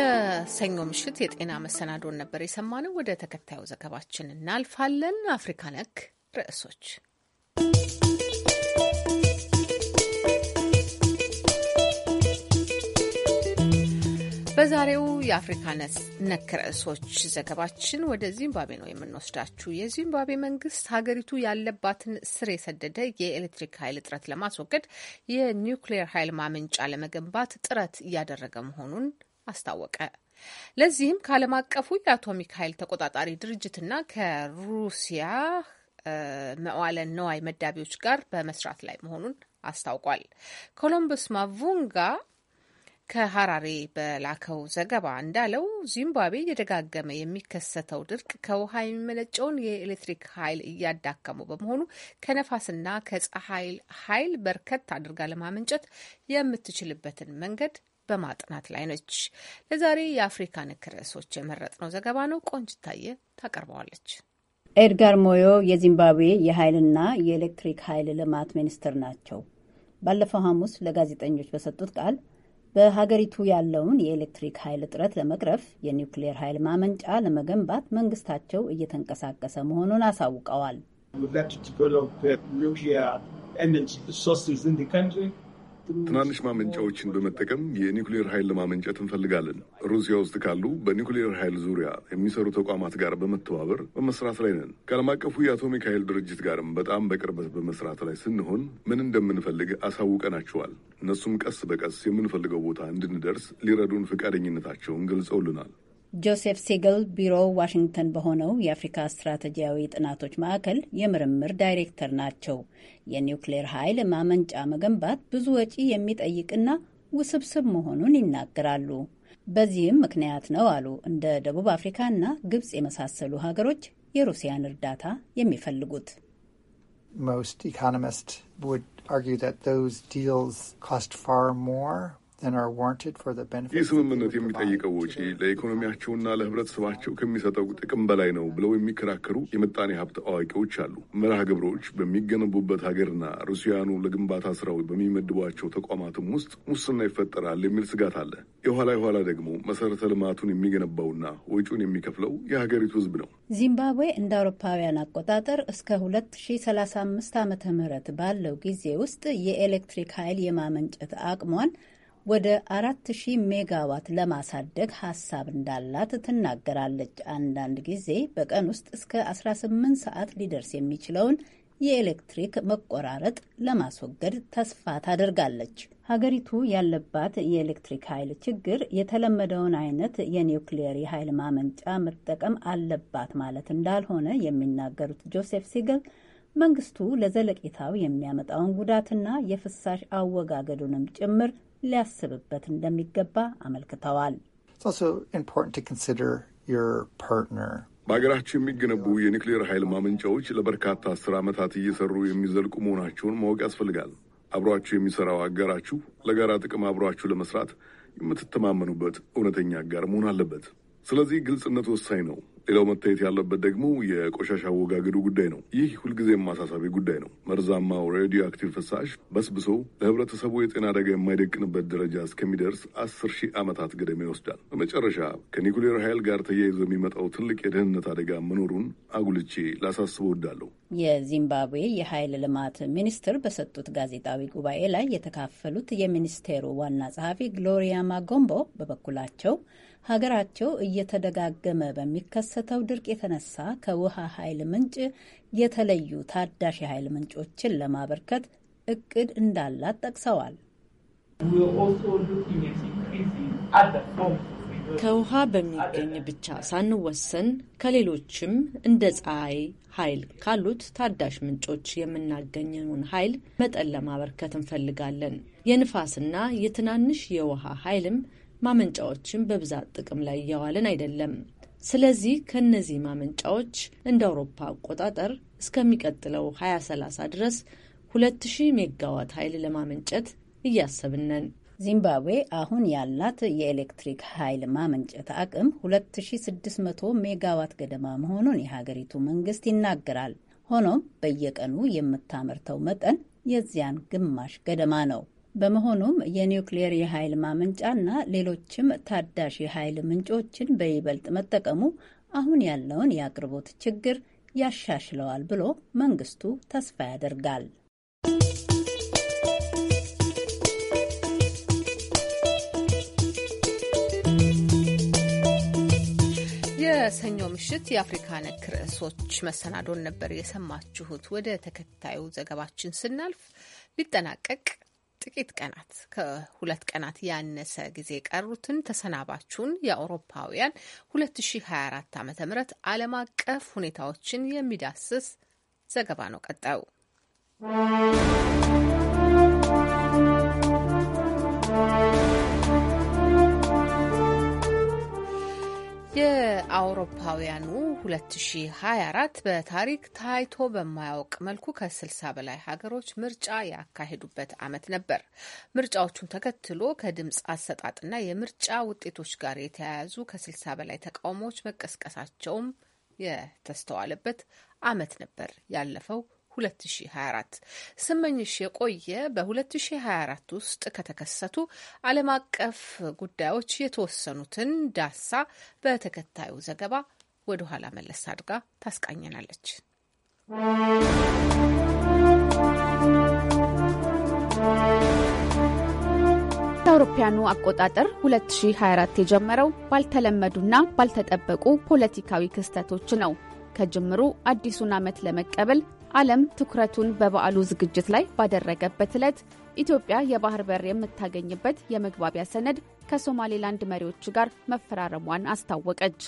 [SPEAKER 1] የሰኞ ምሽት የጤና መሰናዶን ነበር የሰማነው። ወደ ተከታዩ ዘገባችን እናልፋለን። አፍሪካ ነክ ርዕሶች በዛሬው የአፍሪካ ነክ ርዕሶች ዘገባችን ወደ ዚምባብዌ ነው የምንወስዳችሁ። የዚምባብዌ መንግስት ሀገሪቱ ያለባትን ስር የሰደደ የኤሌክትሪክ ኃይል እጥረት ለማስወገድ የኒውክሌር ኃይል ማመንጫ ለመገንባት ጥረት እያደረገ መሆኑን አስታወቀ። ለዚህም ከዓለም አቀፉ የአቶሚክ ኃይል ተቆጣጣሪ ድርጅትና ከሩሲያ መዋለ ነዋይ መዳቢዎች ጋር በመስራት ላይ መሆኑን አስታውቋል። ኮሎምበስ ማቡንጋ ከሀራሬ በላከው ዘገባ እንዳለው ዚምባብዌ እየደጋገመ የሚከሰተው ድርቅ ከውሃ የሚመነጨውን የኤሌክትሪክ ኃይል እያዳከመው በመሆኑ ከነፋስና ከፀሐይ ኃይል በርከት አድርጋ ለማመንጨት የምትችልበትን መንገድ በማጥናት ላይ ነች። ለዛሬ የአፍሪካ ንክ ርዕሶች የመረጥነው ዘገባ ነው። ቆንጅታየ ታቀርበዋለች።
[SPEAKER 11] ኤድጋር ሞዮ የዚምባብዌ የኃይልና የኤሌክትሪክ ኃይል ልማት ሚኒስትር ናቸው። ባለፈው ሐሙስ ለጋዜጠኞች በሰጡት ቃል በሀገሪቱ ያለውን የኤሌክትሪክ ኃይል እጥረት ለመቅረፍ የኒውክሌር ኃይል ማመንጫ ለመገንባት መንግስታቸው እየተንቀሳቀሰ መሆኑን አሳውቀዋል።
[SPEAKER 9] ትናንሽ ማመንጫዎችን በመጠቀም የኒውክሌር ኃይል ለማመንጨት እንፈልጋለን። ሩሲያ ውስጥ ካሉ በኒውክሌር ኃይል ዙሪያ የሚሰሩ ተቋማት ጋር በመተባበር በመስራት ላይ ነን። ከዓለም አቀፉ የአቶሚክ ኃይል ድርጅት ጋርም በጣም በቅርበት በመስራት ላይ ስንሆን ምን እንደምንፈልግ አሳውቀናቸዋል። እነሱም ቀስ በቀስ የምንፈልገው ቦታ እንድንደርስ ሊረዱን ፈቃደኝነታቸውን ገልጸውልናል።
[SPEAKER 11] ጆሴፍ ሲግል ቢሮ ዋሽንግተን በሆነው የአፍሪካ ስትራቴጂያዊ ጥናቶች ማዕከል የምርምር ዳይሬክተር ናቸው። የኒውክሌር ኃይል ማመንጫ መገንባት ብዙ ወጪ የሚጠይቅና ውስብስብ መሆኑን ይናገራሉ። በዚህም ምክንያት ነው አሉ እንደ ደቡብ አፍሪካና ግብፅ የመሳሰሉ ሀገሮች የሩሲያን እርዳታ የሚፈልጉት። most economists would argue that those deals cost far more ይህ
[SPEAKER 9] ስምምነት የሚጠይቀው ወጪ ለኢኮኖሚያቸውና ለህብረተሰባቸው ከሚሰጠው ጥቅም በላይ ነው ብለው የሚከራከሩ የምጣኔ ሀብት አዋቂዎች አሉ። መርሃ ግብሮች በሚገነቡበት ሀገርና ሩሲያኑ ለግንባታ ስራው በሚመድቧቸው ተቋማትም ውስጥ ሙስና ይፈጠራል የሚል ስጋት አለ። የኋላ የኋላ ደግሞ መሰረተ ልማቱን የሚገነባውና ወጪውን የሚከፍለው የሀገሪቱ ህዝብ ነው።
[SPEAKER 11] ዚምባብዌ እንደ አውሮፓውያን አቆጣጠር እስከ 2035 ዓ ም ባለው ጊዜ ውስጥ የኤሌክትሪክ ኃይል የማመንጨት አቅሟን ወደ አራት ሺህ ሜጋዋት ለማሳደግ ሀሳብ እንዳላት ትናገራለች። አንዳንድ ጊዜ በቀን ውስጥ እስከ 18 ሰዓት ሊደርስ የሚችለውን የኤሌክትሪክ መቆራረጥ ለማስወገድ ተስፋ ታደርጋለች። ሀገሪቱ ያለባት የኤሌክትሪክ ኃይል ችግር የተለመደውን አይነት የኒውክሌር የኃይል ማመንጫ መጠቀም አለባት ማለት እንዳልሆነ የሚናገሩት ጆሴፍ ሲገል መንግስቱ ለዘለቂታው የሚያመጣውን ጉዳትና የፍሳሽ አወጋገዱንም ጭምር ሊያስብበት እንደሚገባ አመልክተዋል።
[SPEAKER 9] በሀገራችን የሚገነቡ የኒክሌር ኃይል ማመንጫዎች ለበርካታ አስር ዓመታት እየሰሩ የሚዘልቁ መሆናቸውን ማወቅ ያስፈልጋል። አብሯችሁ የሚሰራው አጋራችሁ ለጋራ ጥቅም አብሯችሁ ለመስራት የምትተማመኑበት እውነተኛ አጋር መሆን አለበት። ስለዚህ ግልጽነት ወሳኝ ነው። ሌላው መታየት ያለበት ደግሞ የቆሻሻ አወጋገዱ ጉዳይ ነው። ይህ ሁልጊዜም ማሳሳቢ ጉዳይ ነው። መርዛማው ሬዲዮ አክቲቭ ፍሳሽ በስብሶ ለህብረተሰቡ የጤና አደጋ የማይደቅንበት ደረጃ እስከሚደርስ አስር ሺህ ዓመታት ገደማ ይወስዳል። በመጨረሻ ከኒኩሌር ኃይል ጋር ተያይዞ የሚመጣው ትልቅ የደህንነት አደጋ መኖሩን አጉልቼ ላሳስብ እወዳለሁ።
[SPEAKER 11] የዚምባብዌ የኃይል ልማት ሚኒስትር በሰጡት ጋዜጣዊ ጉባኤ ላይ የተካፈሉት የሚኒስቴሩ ዋና ጸሐፊ ግሎሪያ ማጎምቦ በበኩላቸው ሀገራቸው እየተደጋገመ በሚከሰተው ድርቅ የተነሳ ከውሃ ኃይል ምንጭ የተለዩ ታዳሽ የኃይል ምንጮችን ለማበርከት
[SPEAKER 12] እቅድ እንዳላት ጠቅሰዋል። ከውሃ በሚገኝ ብቻ ሳንወሰን ከሌሎችም እንደ ፀሐይ ኃይል ካሉት ታዳሽ ምንጮች የምናገኘውን ኃይል መጠን ለማበርከት እንፈልጋለን። የንፋስና የትናንሽ የውሃ ኃይልም ማመንጫዎችን በብዛት ጥቅም ላይ እያዋልን አይደለም። ስለዚህ ከእነዚህ ማመንጫዎች እንደ አውሮፓ አቆጣጠር እስከሚቀጥለው 2030 ድረስ 2000 ሜጋዋት ኃይል ለማመንጨት እያሰብን ነን። ዚምባብዌ
[SPEAKER 11] አሁን ያላት የኤሌክትሪክ ኃይል ማመንጨት አቅም 2600 ሜጋዋት ገደማ መሆኑን የሀገሪቱ መንግስት ይናገራል። ሆኖም በየቀኑ የምታመርተው መጠን የዚያን ግማሽ ገደማ ነው። በመሆኑም የኒውክሌር የኃይል ማመንጫና ሌሎችም ታዳሽ የኃይል ምንጮችን በይበልጥ መጠቀሙ አሁን ያለውን የአቅርቦት ችግር ያሻሽለዋል ብሎ መንግስቱ ተስፋ ያደርጋል።
[SPEAKER 1] የሰኞ ምሽት የአፍሪካ ነክ ርዕሶች መሰናዶን ነበር የሰማችሁት። ወደ ተከታዩ ዘገባችን ስናልፍ ሊጠናቀቅ ጥቂት ቀናት ከሁለት ቀናት ያነሰ ጊዜ የቀሩትን ተሰናባችሁን የአውሮፓውያን 2024 ዓ ም ዓለም አቀፍ ሁኔታዎችን የሚዳስስ ዘገባ ነው ቀጣዩ። የአውሮፓውያኑ 2024 በታሪክ ታይቶ በማያውቅ መልኩ ከ60 በላይ ሀገሮች ምርጫ ያካሄዱበት ዓመት ነበር። ምርጫዎቹን ተከትሎ ከድምፅ አሰጣጥና የምርጫ ውጤቶች ጋር የተያያዙ ከ60 በላይ ተቃውሞዎች መቀስቀሳቸውም የተስተዋለበት ዓመት ነበር ያለፈው 2024 ስመኝሽ የቆየ በ2024 ውስጥ ከተከሰቱ ዓለም አቀፍ ጉዳዮች የተወሰኑትን ዳሳ በተከታዩ ዘገባ ወደ ኋላ መለስ አድጋ ታስቃኘናለች።
[SPEAKER 3] አውሮፓውያኑ አቆጣጠር 2024 የጀመረው ባልተለመዱና ባልተጠበቁ ፖለቲካዊ ክስተቶች ነው። ከጅምሩ አዲሱን ዓመት ለመቀበል ዓለም ትኩረቱን በበዓሉ ዝግጅት ላይ ባደረገበት ዕለት ኢትዮጵያ የባህር በር የምታገኝበት የመግባቢያ ሰነድ ከሶማሌላንድ መሪዎች ጋር መፈራረሟን አስታወቀች።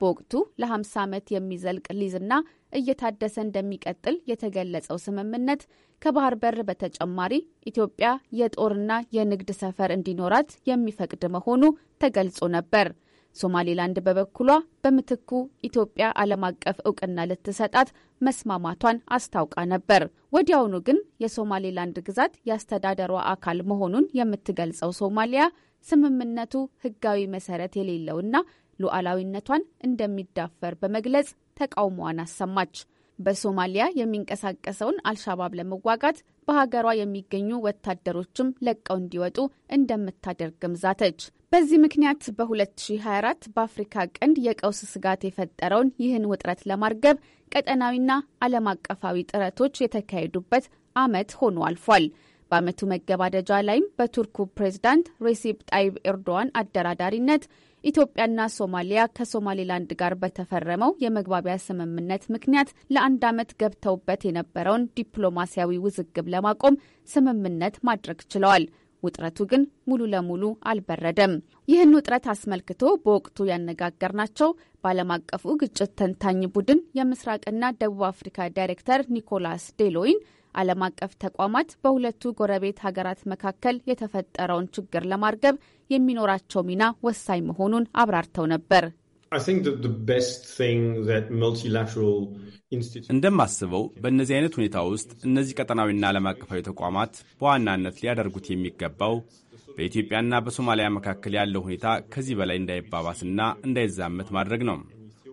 [SPEAKER 3] በወቅቱ ለ50 ዓመት የሚዘልቅ ሊዝና እየታደሰ እንደሚቀጥል የተገለጸው ስምምነት ከባህር በር በተጨማሪ ኢትዮጵያ የጦርና የንግድ ሰፈር እንዲኖራት የሚፈቅድ መሆኑ ተገልጾ ነበር። ሶማሌላንድ በበኩሏ በምትኩ ኢትዮጵያ ዓለም አቀፍ እውቅና ልትሰጣት መስማማቷን አስታውቃ ነበር። ወዲያውኑ ግን የሶማሌላንድ ግዛት የአስተዳደሯ አካል መሆኑን የምትገልጸው ሶማሊያ ስምምነቱ ሕጋዊ መሰረት የሌለውና ሉዓላዊነቷን እንደሚዳፈር በመግለጽ ተቃውሟዋን አሰማች። በሶማሊያ የሚንቀሳቀሰውን አልሻባብ ለመዋጋት በሀገሯ የሚገኙ ወታደሮችም ለቀው እንዲወጡ እንደምታደርግም ዛተች። በዚህ ምክንያት በ2024 በአፍሪካ ቀንድ የቀውስ ስጋት የፈጠረውን ይህን ውጥረት ለማርገብ ቀጠናዊና ዓለም አቀፋዊ ጥረቶች የተካሄዱበት ዓመት ሆኖ አልፏል። በዓመቱ መገባደጃ ላይም በቱርኩ ፕሬዝዳንት ሬሲፕ ጣይብ ኤርዶዋን አደራዳሪነት ኢትዮጵያና ሶማሊያ ከሶማሌላንድ ጋር በተፈረመው የመግባቢያ ስምምነት ምክንያት ለአንድ ዓመት ገብተውበት የነበረውን ዲፕሎማሲያዊ ውዝግብ ለማቆም ስምምነት ማድረግ ችለዋል። ውጥረቱ ግን ሙሉ ለሙሉ አልበረደም። ይህን ውጥረት አስመልክቶ በወቅቱ ያነጋገር ናቸው። በዓለም አቀፉ ግጭት ተንታኝ ቡድን የምስራቅና ደቡብ አፍሪካ ዳይሬክተር ኒኮላስ ዴሎይን ዓለም አቀፍ ተቋማት በሁለቱ ጎረቤት ሀገራት መካከል የተፈጠረውን ችግር ለማርገብ የሚኖራቸው ሚና ወሳኝ መሆኑን አብራርተው ነበር።
[SPEAKER 5] እንደማስበው በእነዚህ አይነት ሁኔታ ውስጥ እነዚህ ቀጠናዊና ዓለም አቀፋዊ ተቋማት በዋናነት ሊያደርጉት የሚገባው በኢትዮጵያና በሶማሊያ መካከል ያለው ሁኔታ ከዚህ በላይ እንዳይባባስና እንዳይዛመት ማድረግ ነው።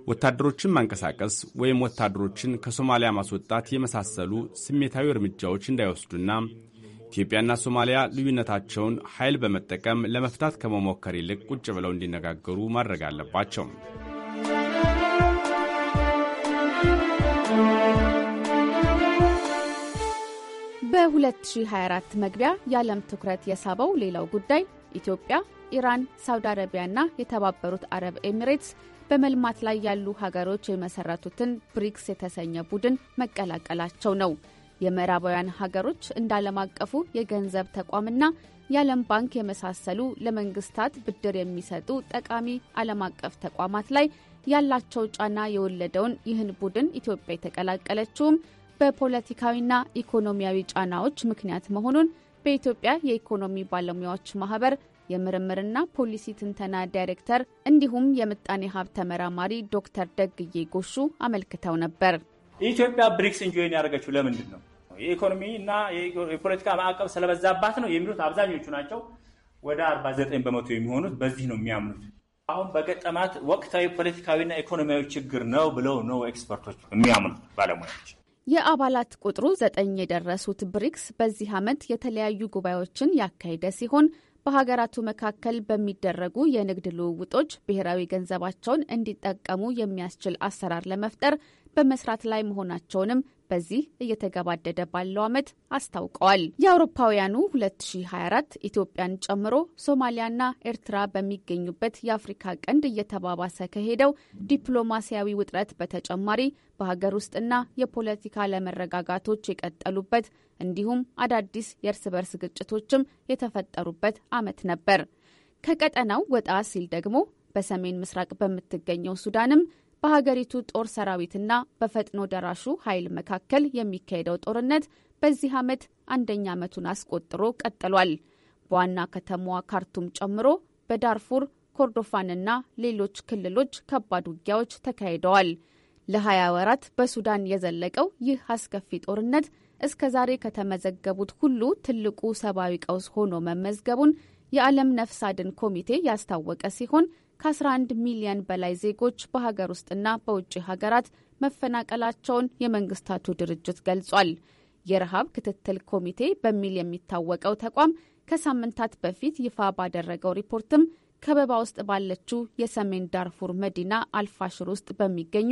[SPEAKER 5] ወታደሮችን ማንቀሳቀስ ወይም ወታደሮችን ከሶማሊያ ማስወጣት የመሳሰሉ ስሜታዊ እርምጃዎች እንዳይወስዱና ኢትዮጵያና ሶማሊያ ልዩነታቸውን ኃይል በመጠቀም ለመፍታት ከመሞከር ይልቅ ቁጭ ብለው እንዲነጋገሩ ማድረግ አለባቸው።
[SPEAKER 3] በ2024 መግቢያ የዓለም ትኩረት የሳበው ሌላው ጉዳይ ኢትዮጵያ፣ ኢራን፣ ሳውዲ አረቢያና የተባበሩት አረብ ኤሚሬትስ በመልማት ላይ ያሉ ሀገሮች የመሰረቱትን ብሪክስ የተሰኘ ቡድን መቀላቀላቸው ነው። የምዕራባውያን ሀገሮች እንደ ዓለም አቀፉ የገንዘብ ተቋምና የዓለም ባንክ የመሳሰሉ ለመንግስታት ብድር የሚሰጡ ጠቃሚ ዓለም አቀፍ ተቋማት ላይ ያላቸው ጫና የወለደውን ይህን ቡድን ኢትዮጵያ የተቀላቀለችውም በፖለቲካዊና ኢኮኖሚያዊ ጫናዎች ምክንያት መሆኑን በኢትዮጵያ የኢኮኖሚ ባለሙያዎች ማህበር የምርምርና ፖሊሲ ትንተና ዳይሬክተር እንዲሁም የምጣኔ ሀብት ተመራማሪ ዶክተር ደግዬ ጎሹ አመልክተው ነበር።
[SPEAKER 5] ኢትዮጵያ ብሪክስ እንጆይን ያደረገችው ለምንድን ነው? የኢኮኖሚ እና የፖለቲካ ማዕቀብ ስለበዛባት ነው የሚሉት አብዛኞቹ ናቸው። ወደ 49 በመቶ የሚሆኑት በዚህ ነው የሚያምኑት። አሁን በገጠማት ወቅታዊ ፖለቲካዊና ኢኮኖሚያዊ ችግር ነው ብለው ነው ኤክስፐርቶች የሚያምኑት ባለሙያዎች።
[SPEAKER 3] የአባላት ቁጥሩ ዘጠኝ የደረሱት ብሪክስ በዚህ ዓመት የተለያዩ ጉባኤዎችን ያካሄደ ሲሆን በሀገራቱ መካከል በሚደረጉ የንግድ ልውውጦች ብሔራዊ ገንዘባቸውን እንዲጠቀሙ የሚያስችል አሰራር ለመፍጠር በመስራት ላይ መሆናቸውንም በዚህ እየተገባደደ ባለው ዓመት አስታውቀዋል። የአውሮፓውያኑ 2024 ኢትዮጵያን ጨምሮ ሶማሊያና ኤርትራ በሚገኙበት የአፍሪካ ቀንድ እየተባባሰ ከሄደው ዲፕሎማሲያዊ ውጥረት በተጨማሪ በሀገር ውስጥና የፖለቲካ አለመረጋጋቶች የቀጠሉበት እንዲሁም አዳዲስ የእርስ በርስ ግጭቶችም የተፈጠሩበት ዓመት ነበር። ከቀጠናው ወጣ ሲል ደግሞ በሰሜን ምስራቅ በምትገኘው ሱዳንም በሀገሪቱ ጦር ሰራዊትና በፈጥኖ ደራሹ ኃይል መካከል የሚካሄደው ጦርነት በዚህ ዓመት አንደኛ ዓመቱን አስቆጥሮ ቀጥሏል። በዋና ከተማዋ ካርቱም ጨምሮ በዳርፉር ኮርዶፋንና ሌሎች ክልሎች ከባድ ውጊያዎች ተካሂደዋል። ለ20 ወራት በሱዳን የዘለቀው ይህ አስከፊ ጦርነት እስከ ዛሬ ከተመዘገቡት ሁሉ ትልቁ ሰብአዊ ቀውስ ሆኖ መመዝገቡን የዓለም ነፍስ አድን ኮሚቴ ያስታወቀ ሲሆን ከ11 ሚሊዮን በላይ ዜጎች በሀገር ውስጥና በውጭ ሀገራት መፈናቀላቸውን የመንግስታቱ ድርጅት ገልጿል። የረሃብ ክትትል ኮሚቴ በሚል የሚታወቀው ተቋም ከሳምንታት በፊት ይፋ ባደረገው ሪፖርትም ከበባ ውስጥ ባለችው የሰሜን ዳርፉር መዲና አልፋሽር ውስጥ በሚገኙ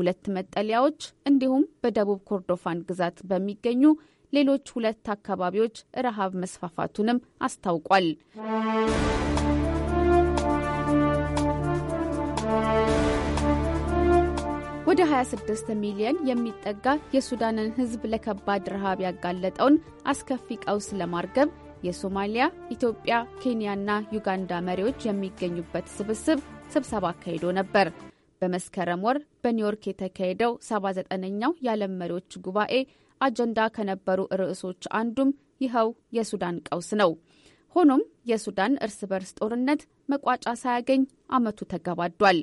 [SPEAKER 3] ሁለት መጠለያዎች እንዲሁም በደቡብ ኮርዶፋን ግዛት በሚገኙ ሌሎች ሁለት አካባቢዎች ረሃብ መስፋፋቱንም አስታውቋል። ወደ 26 ሚሊዮን የሚጠጋ የሱዳንን ሕዝብ ለከባድ ረሃብ ያጋለጠውን አስከፊ ቀውስ ለማርገብ የሶማሊያ፣ ኢትዮጵያ፣ ኬንያና ዩጋንዳ መሪዎች የሚገኙበት ስብስብ ስብሰባ አካሂዶ ነበር። በመስከረም ወር በኒውዮርክ የተካሄደው 79ኛው የዓለም መሪዎች ጉባኤ አጀንዳ ከነበሩ ርዕሶች አንዱም ይኸው የሱዳን ቀውስ ነው። ሆኖም የሱዳን እርስ በርስ ጦርነት መቋጫ ሳያገኝ ዓመቱ ተገባዷል።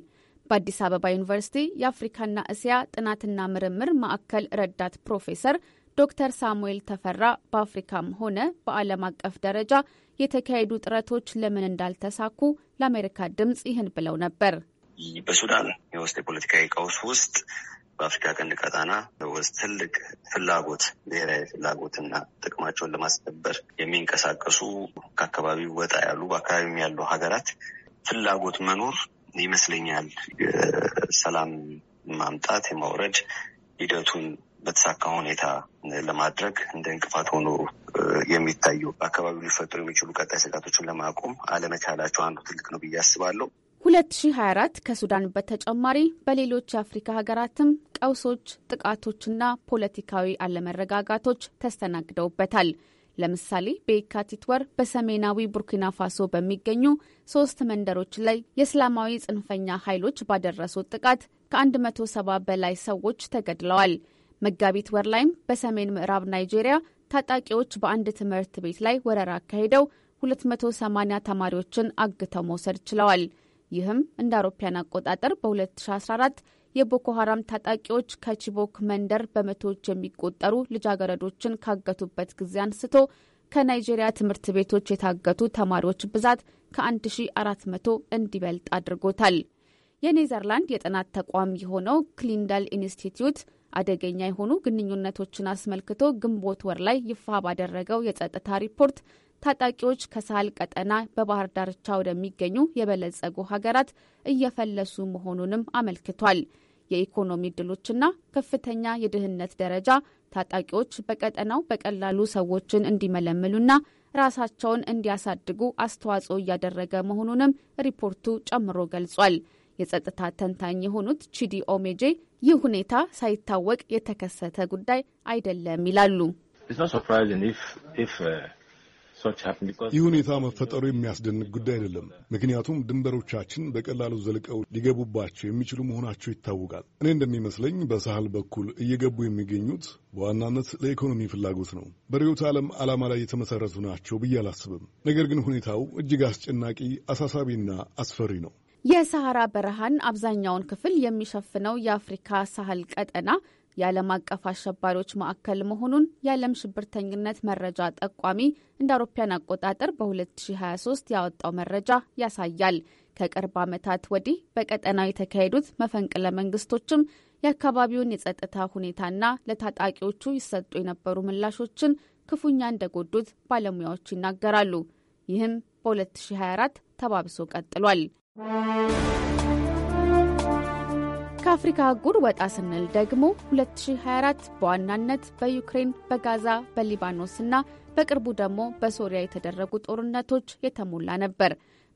[SPEAKER 3] በአዲስ አበባ ዩኒቨርሲቲ የአፍሪካና እስያ ጥናትና ምርምር ማዕከል ረዳት ፕሮፌሰር ዶክተር ሳሙኤል ተፈራ በአፍሪካም ሆነ በዓለም አቀፍ ደረጃ የተካሄዱ ጥረቶች ለምን እንዳልተሳኩ ለአሜሪካ ድምፅ ይህን ብለው ነበር።
[SPEAKER 6] በሱዳን የውስጥ የፖለቲካዊ ቀውስ ውስጥ
[SPEAKER 2] በአፍሪካ ቀንድ ቀጣና ውስጥ ትልቅ ፍላጎት ብሔራዊ ፍላጎትና ጥቅማቸውን ለማስከበር የሚንቀሳቀሱ ከአካባቢው ወጣ ያሉ በአካባቢም ያሉ ሀገራት ፍላጎት መኖር ይመስለኛል ሰላም ማምጣት የማውረድ ሂደቱን በተሳካ ሁኔታ ለማድረግ እንደ እንቅፋት ሆኖ የሚታዩ በአካባቢው ሊፈጠሩ የሚችሉ ቀጣይ ስጋቶችን ለማቆም አለመቻላቸው አንዱ ትልቅ ነው ብዬ አስባለሁ።
[SPEAKER 3] 2024 ከሱዳን በተጨማሪ በሌሎች የአፍሪካ ሀገራትም ቀውሶች፣ ጥቃቶችና ፖለቲካዊ አለመረጋጋቶች ተስተናግደውበታል። ለምሳሌ በየካቲት ወር በሰሜናዊ ቡርኪና ፋሶ በሚገኙ ሶስት መንደሮች ላይ የእስላማዊ ጽንፈኛ ኃይሎች ባደረሱት ጥቃት ከ170 በላይ ሰዎች ተገድለዋል። መጋቢት ወር ላይም በሰሜን ምዕራብ ናይጄሪያ ታጣቂዎች በአንድ ትምህርት ቤት ላይ ወረራ አካሂደው 280 ተማሪዎችን አግተው መውሰድ ችለዋል። ይህም እንደ አውሮፓያን አቆጣጠር በ2014 የቦኮ ሀራም ታጣቂዎች ከቺቦክ መንደር በመቶዎች የሚቆጠሩ ልጃገረዶችን ካገቱበት ጊዜ አንስቶ ከናይጄሪያ ትምህርት ቤቶች የታገቱ ተማሪዎች ብዛት ከ1400 እንዲበልጥ አድርጎታል። የኔዘርላንድ የጥናት ተቋም የሆነው ክሊንዳል ኢንስቲትዩት አደገኛ የሆኑ ግንኙነቶችን አስመልክቶ ግንቦት ወር ላይ ይፋ ባደረገው የጸጥታ ሪፖርት ታጣቂዎች ከሳህል ቀጠና በባህር ዳርቻ ወደሚገኙ የበለጸጉ ሀገራት እየፈለሱ መሆኑንም አመልክቷል። የኢኮኖሚ እድሎችና ከፍተኛ የድህነት ደረጃ ታጣቂዎች በቀጠናው በቀላሉ ሰዎችን እንዲመለምሉና ራሳቸውን እንዲያሳድጉ አስተዋጽኦ እያደረገ መሆኑንም ሪፖርቱ ጨምሮ ገልጿል። የጸጥታ ተንታኝ የሆኑት ቺዲ ኦሜጄ ይህ ሁኔታ ሳይታወቅ የተከሰተ ጉዳይ አይደለም ይላሉ።
[SPEAKER 5] uh,
[SPEAKER 9] ይህ ሁኔታ መፈጠሩ የሚያስደንቅ ጉዳይ አይደለም። ምክንያቱም ድንበሮቻችን በቀላሉ ዘልቀው ሊገቡባቸው የሚችሉ መሆናቸው ይታወቃል። እኔ እንደሚመስለኝ በሳህል በኩል እየገቡ የሚገኙት በዋናነት ለኢኮኖሚ ፍላጎት ነው። በርዕዮተ ዓለም ዓላማ ላይ የተመሠረቱ ናቸው ብዬ አላስብም። ነገር ግን ሁኔታው እጅግ አስጨናቂ፣ አሳሳቢና አስፈሪ ነው።
[SPEAKER 3] የሰሐራ በረሃን አብዛኛውን ክፍል የሚሸፍነው የአፍሪካ ሳህል ቀጠና የዓለም አቀፍ አሸባሪዎች ማዕከል መሆኑን የዓለም ሽብርተኝነት መረጃ ጠቋሚ እንደ አውሮፓያን አቆጣጠር በ2023 ያወጣው መረጃ ያሳያል። ከቅርብ ዓመታት ወዲህ በቀጠናው የተካሄዱት መፈንቅለ መንግስቶችም የአካባቢውን የጸጥታ ሁኔታና ለታጣቂዎቹ ይሰጡ የነበሩ ምላሾችን ክፉኛ እንደጎዱት ባለሙያዎች ይናገራሉ። ይህም በ2024 ተባብሶ ቀጥሏል። ከአፍሪካ አህጉር ወጣ ስንል ደግሞ 2024 በዋናነት በዩክሬን፣ በጋዛ፣ በሊባኖስ እና በቅርቡ ደግሞ በሶሪያ የተደረጉ ጦርነቶች የተሞላ ነበር።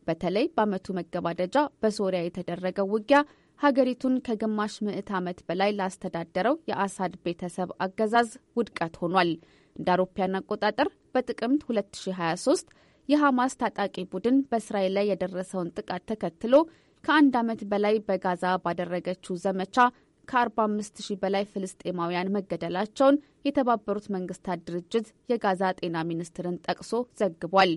[SPEAKER 3] በተለይ በዓመቱ መገባደጃ በሶሪያ የተደረገው ውጊያ ሀገሪቱን ከግማሽ ምዕት ዓመት በላይ ላስተዳደረው የአሳድ ቤተሰብ አገዛዝ ውድቀት ሆኗል። እንደ አውሮፓውያን አቆጣጠር በጥቅምት 2023 የሐማስ ታጣቂ ቡድን በእስራኤል ላይ የደረሰውን ጥቃት ተከትሎ ከአንድ ዓመት በላይ በጋዛ ባደረገችው ዘመቻ ከ45 ሺህ በላይ ፍልስጤማውያን መገደላቸውን የተባበሩት መንግስታት ድርጅት የጋዛ ጤና ሚኒስትርን ጠቅሶ ዘግቧል።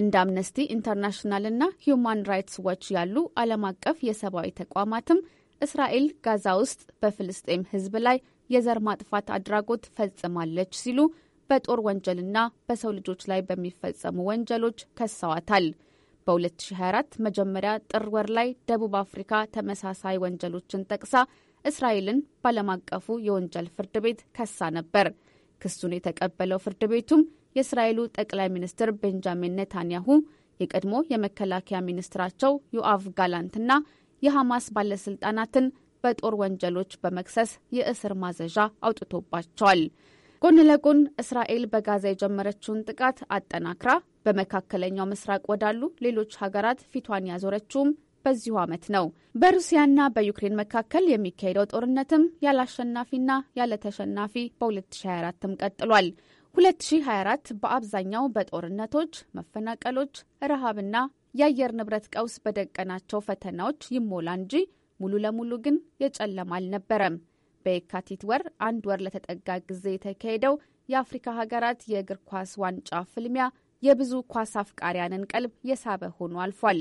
[SPEAKER 3] እንደ አምነስቲ ኢንተርናሽናልና ሂዩማን ራይትስ ዋች ያሉ ዓለም አቀፍ የሰብአዊ ተቋማትም እስራኤል ጋዛ ውስጥ በፍልስጤም ህዝብ ላይ የዘር ማጥፋት አድራጎት ፈጽማለች ሲሉ በጦር ወንጀልና በሰው ልጆች ላይ በሚፈጸሙ ወንጀሎች ከሰዋታል። በ2024 መጀመሪያ ጥር ወር ላይ ደቡብ አፍሪካ ተመሳሳይ ወንጀሎችን ጠቅሳ እስራኤልን ባለም አቀፉ የወንጀል ፍርድ ቤት ከሳ ነበር። ክሱን የተቀበለው ፍርድ ቤቱም የእስራኤሉ ጠቅላይ ሚኒስትር ቤንጃሚን ኔታንያሁ የቀድሞ የመከላከያ ሚኒስትራቸው ዮአቭ ጋላንትና የሐማስ ባለስልጣናትን በጦር ወንጀሎች በመክሰስ የእስር ማዘዣ አውጥቶባቸዋል። ጎን ለጎን እስራኤል በጋዛ የጀመረችውን ጥቃት አጠናክራ በመካከለኛው ምስራቅ ወዳሉ ሌሎች ሀገራት ፊቷን ያዞረችውም በዚሁ ዓመት ነው። በሩሲያና በዩክሬን መካከል የሚካሄደው ጦርነትም ያለ አሸናፊና ያለ ተሸናፊ በ2024ም ቀጥሏል። 2024 በአብዛኛው በጦርነቶች፣ መፈናቀሎች፣ ረሃብና የአየር ንብረት ቀውስ በደቀናቸው ፈተናዎች ይሞላ እንጂ ሙሉ ለሙሉ ግን የጨለማ አልነበረም። በየካቲት ወር አንድ ወር ለተጠጋ ጊዜ የተካሄደው የአፍሪካ ሀገራት የእግር ኳስ ዋንጫ ፍልሚያ የብዙ ኳስ አፍቃሪያንን ቀልብ የሳበ ሆኖ አልፏል።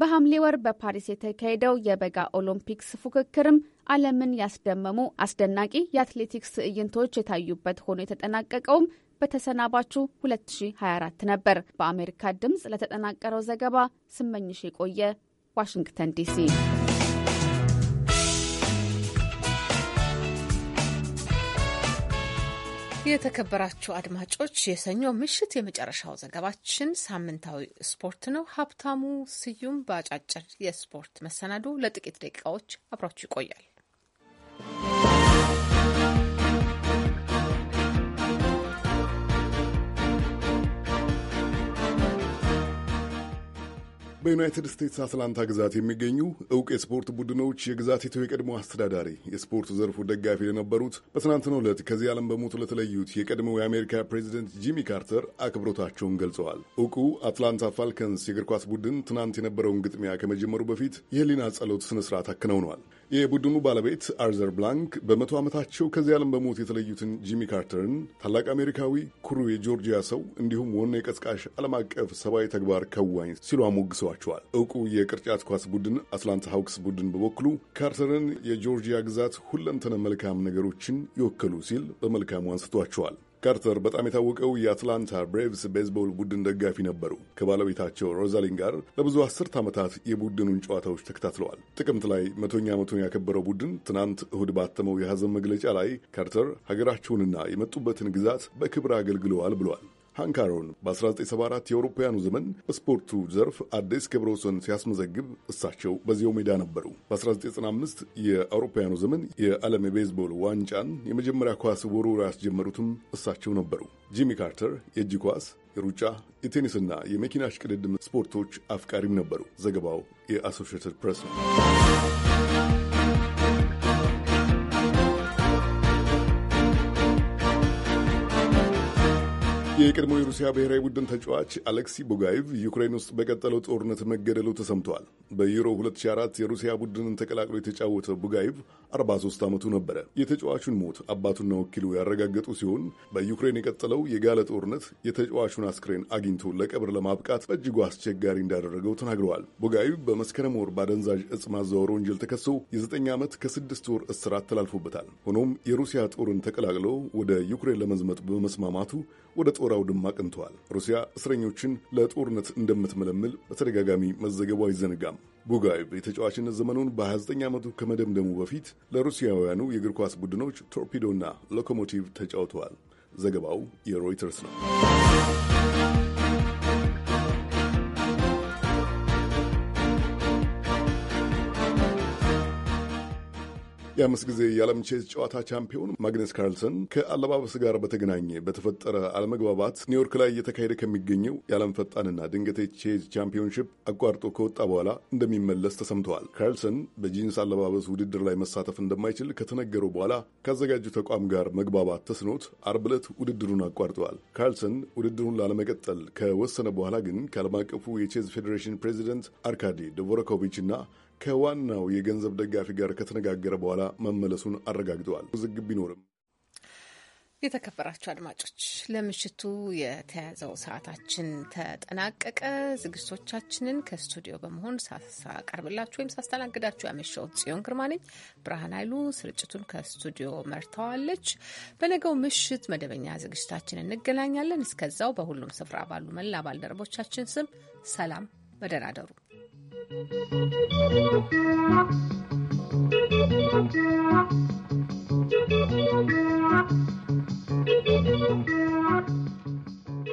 [SPEAKER 3] በሐምሌ ወር በፓሪስ የተካሄደው የበጋ ኦሎምፒክስ ፉክክርም ዓለምን ያስደመሙ አስደናቂ የአትሌቲክስ ትዕይንቶች የታዩበት ሆኖ የተጠናቀቀውም በተሰናባቹ 2024 ነበር። በአሜሪካ ድምፅ ለተጠናቀረው ዘገባ ስመኝሽ የቆየ
[SPEAKER 1] ዋሽንግተን ዲሲ የተከበራችሁ አድማጮች የሰኞ ምሽት የመጨረሻው ዘገባችን ሳምንታዊ ስፖርት ነው። ሀብታሙ ስዩም በአጫጭር የስፖርት መሰናዶ ለጥቂት ደቂቃዎች አብሯችሁ ይቆያል።
[SPEAKER 9] በዩናይትድ ስቴትስ አትላንታ ግዛት የሚገኙ እውቅ የስፖርት ቡድኖች የግዛቲቱ የቀድሞ አስተዳዳሪ የስፖርት ዘርፉ ደጋፊ ለነበሩት በትናንትናው ዕለት ከዚህ ዓለም በሞት ለተለዩት የቀድሞው የአሜሪካ ፕሬዚደንት ጂሚ ካርተር አክብሮታቸውን ገልጸዋል። እውቁ አትላንታ ፋልከንስ የእግር ኳስ ቡድን ትናንት የነበረውን ግጥሚያ ከመጀመሩ በፊት የህሊና ጸሎት ስነ ስርዓት አከናውነዋል። የቡድኑ ባለቤት አርዘር ብላንክ በመቶ ዓመታቸው ከዚህ ዓለም በሞት የተለዩትን ጂሚ ካርተርን ታላቅ አሜሪካዊ፣ ኩሩ የጆርጂያ ሰው እንዲሁም ዋና የቀስቃሽ ዓለም አቀፍ ሰብአዊ ተግባር ከዋኝ ሲሉ አሞግሰዋል። አድርጓቸዋል። እውቁ የቅርጫት ኳስ ቡድን አትላንታ ሀውክስ ቡድን በበኩሉ ካርተርን የጆርጂያ ግዛት ሁለንተነ መልካም ነገሮችን ይወከሉ ሲል በመልካሙ አንስቷቸዋል። ካርተር በጣም የታወቀው የአትላንታ ብሬቭስ ቤዝቦል ቡድን ደጋፊ ነበሩ። ከባለቤታቸው ሮዛሊን ጋር ለብዙ አስርት ዓመታት የቡድኑን ጨዋታዎች ተከታትለዋል። ጥቅምት ላይ መቶኛ መቶን ያከበረው ቡድን ትናንት እሁድ ባተመው የሐዘን መግለጫ ላይ ካርተር ሀገራቸውንና የመጡበትን ግዛት በክብር አገልግለዋል ብሏል። ሃንካሮን በ1974 የአውሮፓውያኑ ዘመን በስፖርቱ ዘርፍ አዲስ ክብረ ወሰን ሲያስመዘግብ እሳቸው በዚያው ሜዳ ነበሩ። በ1995 የአውሮፓውያኑ ዘመን የዓለም የቤዝቦል ዋንጫን የመጀመሪያ ኳስ ውርወራ ያስጀመሩትም እሳቸው ነበሩ። ጂሚ ካርተር የእጅ ኳስ፣ የሩጫ፣ የቴኒስና የመኪና ሽቅድድም ስፖርቶች አፍቃሪም ነበሩ። ዘገባው የአሶሽትድ ፕሬስ ነው። የቀድሞ የሩሲያ ብሔራዊ ቡድን ተጫዋች አሌክሲ ቦጋይቭ ዩክሬን ውስጥ በቀጠለው ጦርነት መገደሉ ተሰምተዋል። በዩሮ 2004 የሩሲያ ቡድንን ተቀላቅሎ የተጫወተ ቦጋይቭ 43 ዓመቱ ነበረ። የተጫዋቹን ሞት አባቱና ወኪሉ ያረጋገጡ ሲሆን በዩክሬን የቀጠለው የጋለ ጦርነት የተጫዋቹን አስክሬን አግኝቶ ለቀብር ለማብቃት በእጅጉ አስቸጋሪ እንዳደረገው ተናግረዋል። ቦጋይቭ በመስከረም ወር ባደንዛዥ እጽ ማዘዋወር ወንጀል ተከሶ የ9 ዓመት ከ ከ6 ወር እስራት ተላልፎበታል። ሆኖም የሩሲያ ጦርን ተቀላቅሎ ወደ ዩክሬን ለመዝመት በመስማማቱ ወደ ጦር አውድማ አቅንተዋል። ሩሲያ እስረኞችን ለጦርነት እንደምትመለምል በተደጋጋሚ መዘገቡ አይዘነጋም። ቡጋይቭ የተጫዋችነት ዘመኑን በ29 ዓመቱ ከመደምደሙ በፊት ለሩሲያውያኑ የእግር ኳስ ቡድኖች ቶርፒዶና ሎኮሞቲቭ ተጫውተዋል። ዘገባው የሮይተርስ ነው። የአምስት ጊዜ የዓለም ቼዝ ጨዋታ ቻምፒዮን ማግነስ ካርልሰን ከአለባበስ ጋር በተገናኘ በተፈጠረ አለመግባባት ኒውዮርክ ላይ እየተካሄደ ከሚገኘው የዓለም ፈጣንና ድንገቴ ቼዝ ቻምፒዮንሽፕ አቋርጦ ከወጣ በኋላ እንደሚመለስ ተሰምተዋል። ካርልሰን በጂንስ አለባበስ ውድድር ላይ መሳተፍ እንደማይችል ከተነገረው በኋላ ካዘጋጁ ተቋም ጋር መግባባት ተስኖት አርብ ዕለት ውድድሩን አቋርጠዋል። ካርልሰን ውድድሩን ላለመቀጠል ከወሰነ በኋላ ግን ከዓለም አቀፉ የቼዝ ፌዴሬሽን ፕሬዚደንት አርካዲ ዶቮረኮቪች እና ከዋናው የገንዘብ ደጋፊ ጋር ከተነጋገረ በኋላ መመለሱን አረጋግጠዋል። ውዝግብ ቢኖርም
[SPEAKER 1] የተከበራቸው አድማጮች ለምሽቱ የተያዘው ሰዓታችን ተጠናቀቀ። ዝግጅቶቻችንን ከስቱዲዮ በመሆን ሳቀርብላችሁ ወይም ሳስተናግዳችሁ ያመሸሁት ጽዮን ግርማ ነኝ። ብርሃን ኃይሉ ስርጭቱን ከስቱዲዮ መርተዋለች። በነገው ምሽት መደበኛ ዝግጅታችን እንገናኛለን። እስከዛው በሁሉም ስፍራ ባሉ መላ ባልደረቦቻችን ስም ሰላም፣ በደህና እደሩ። Thank
[SPEAKER 7] you.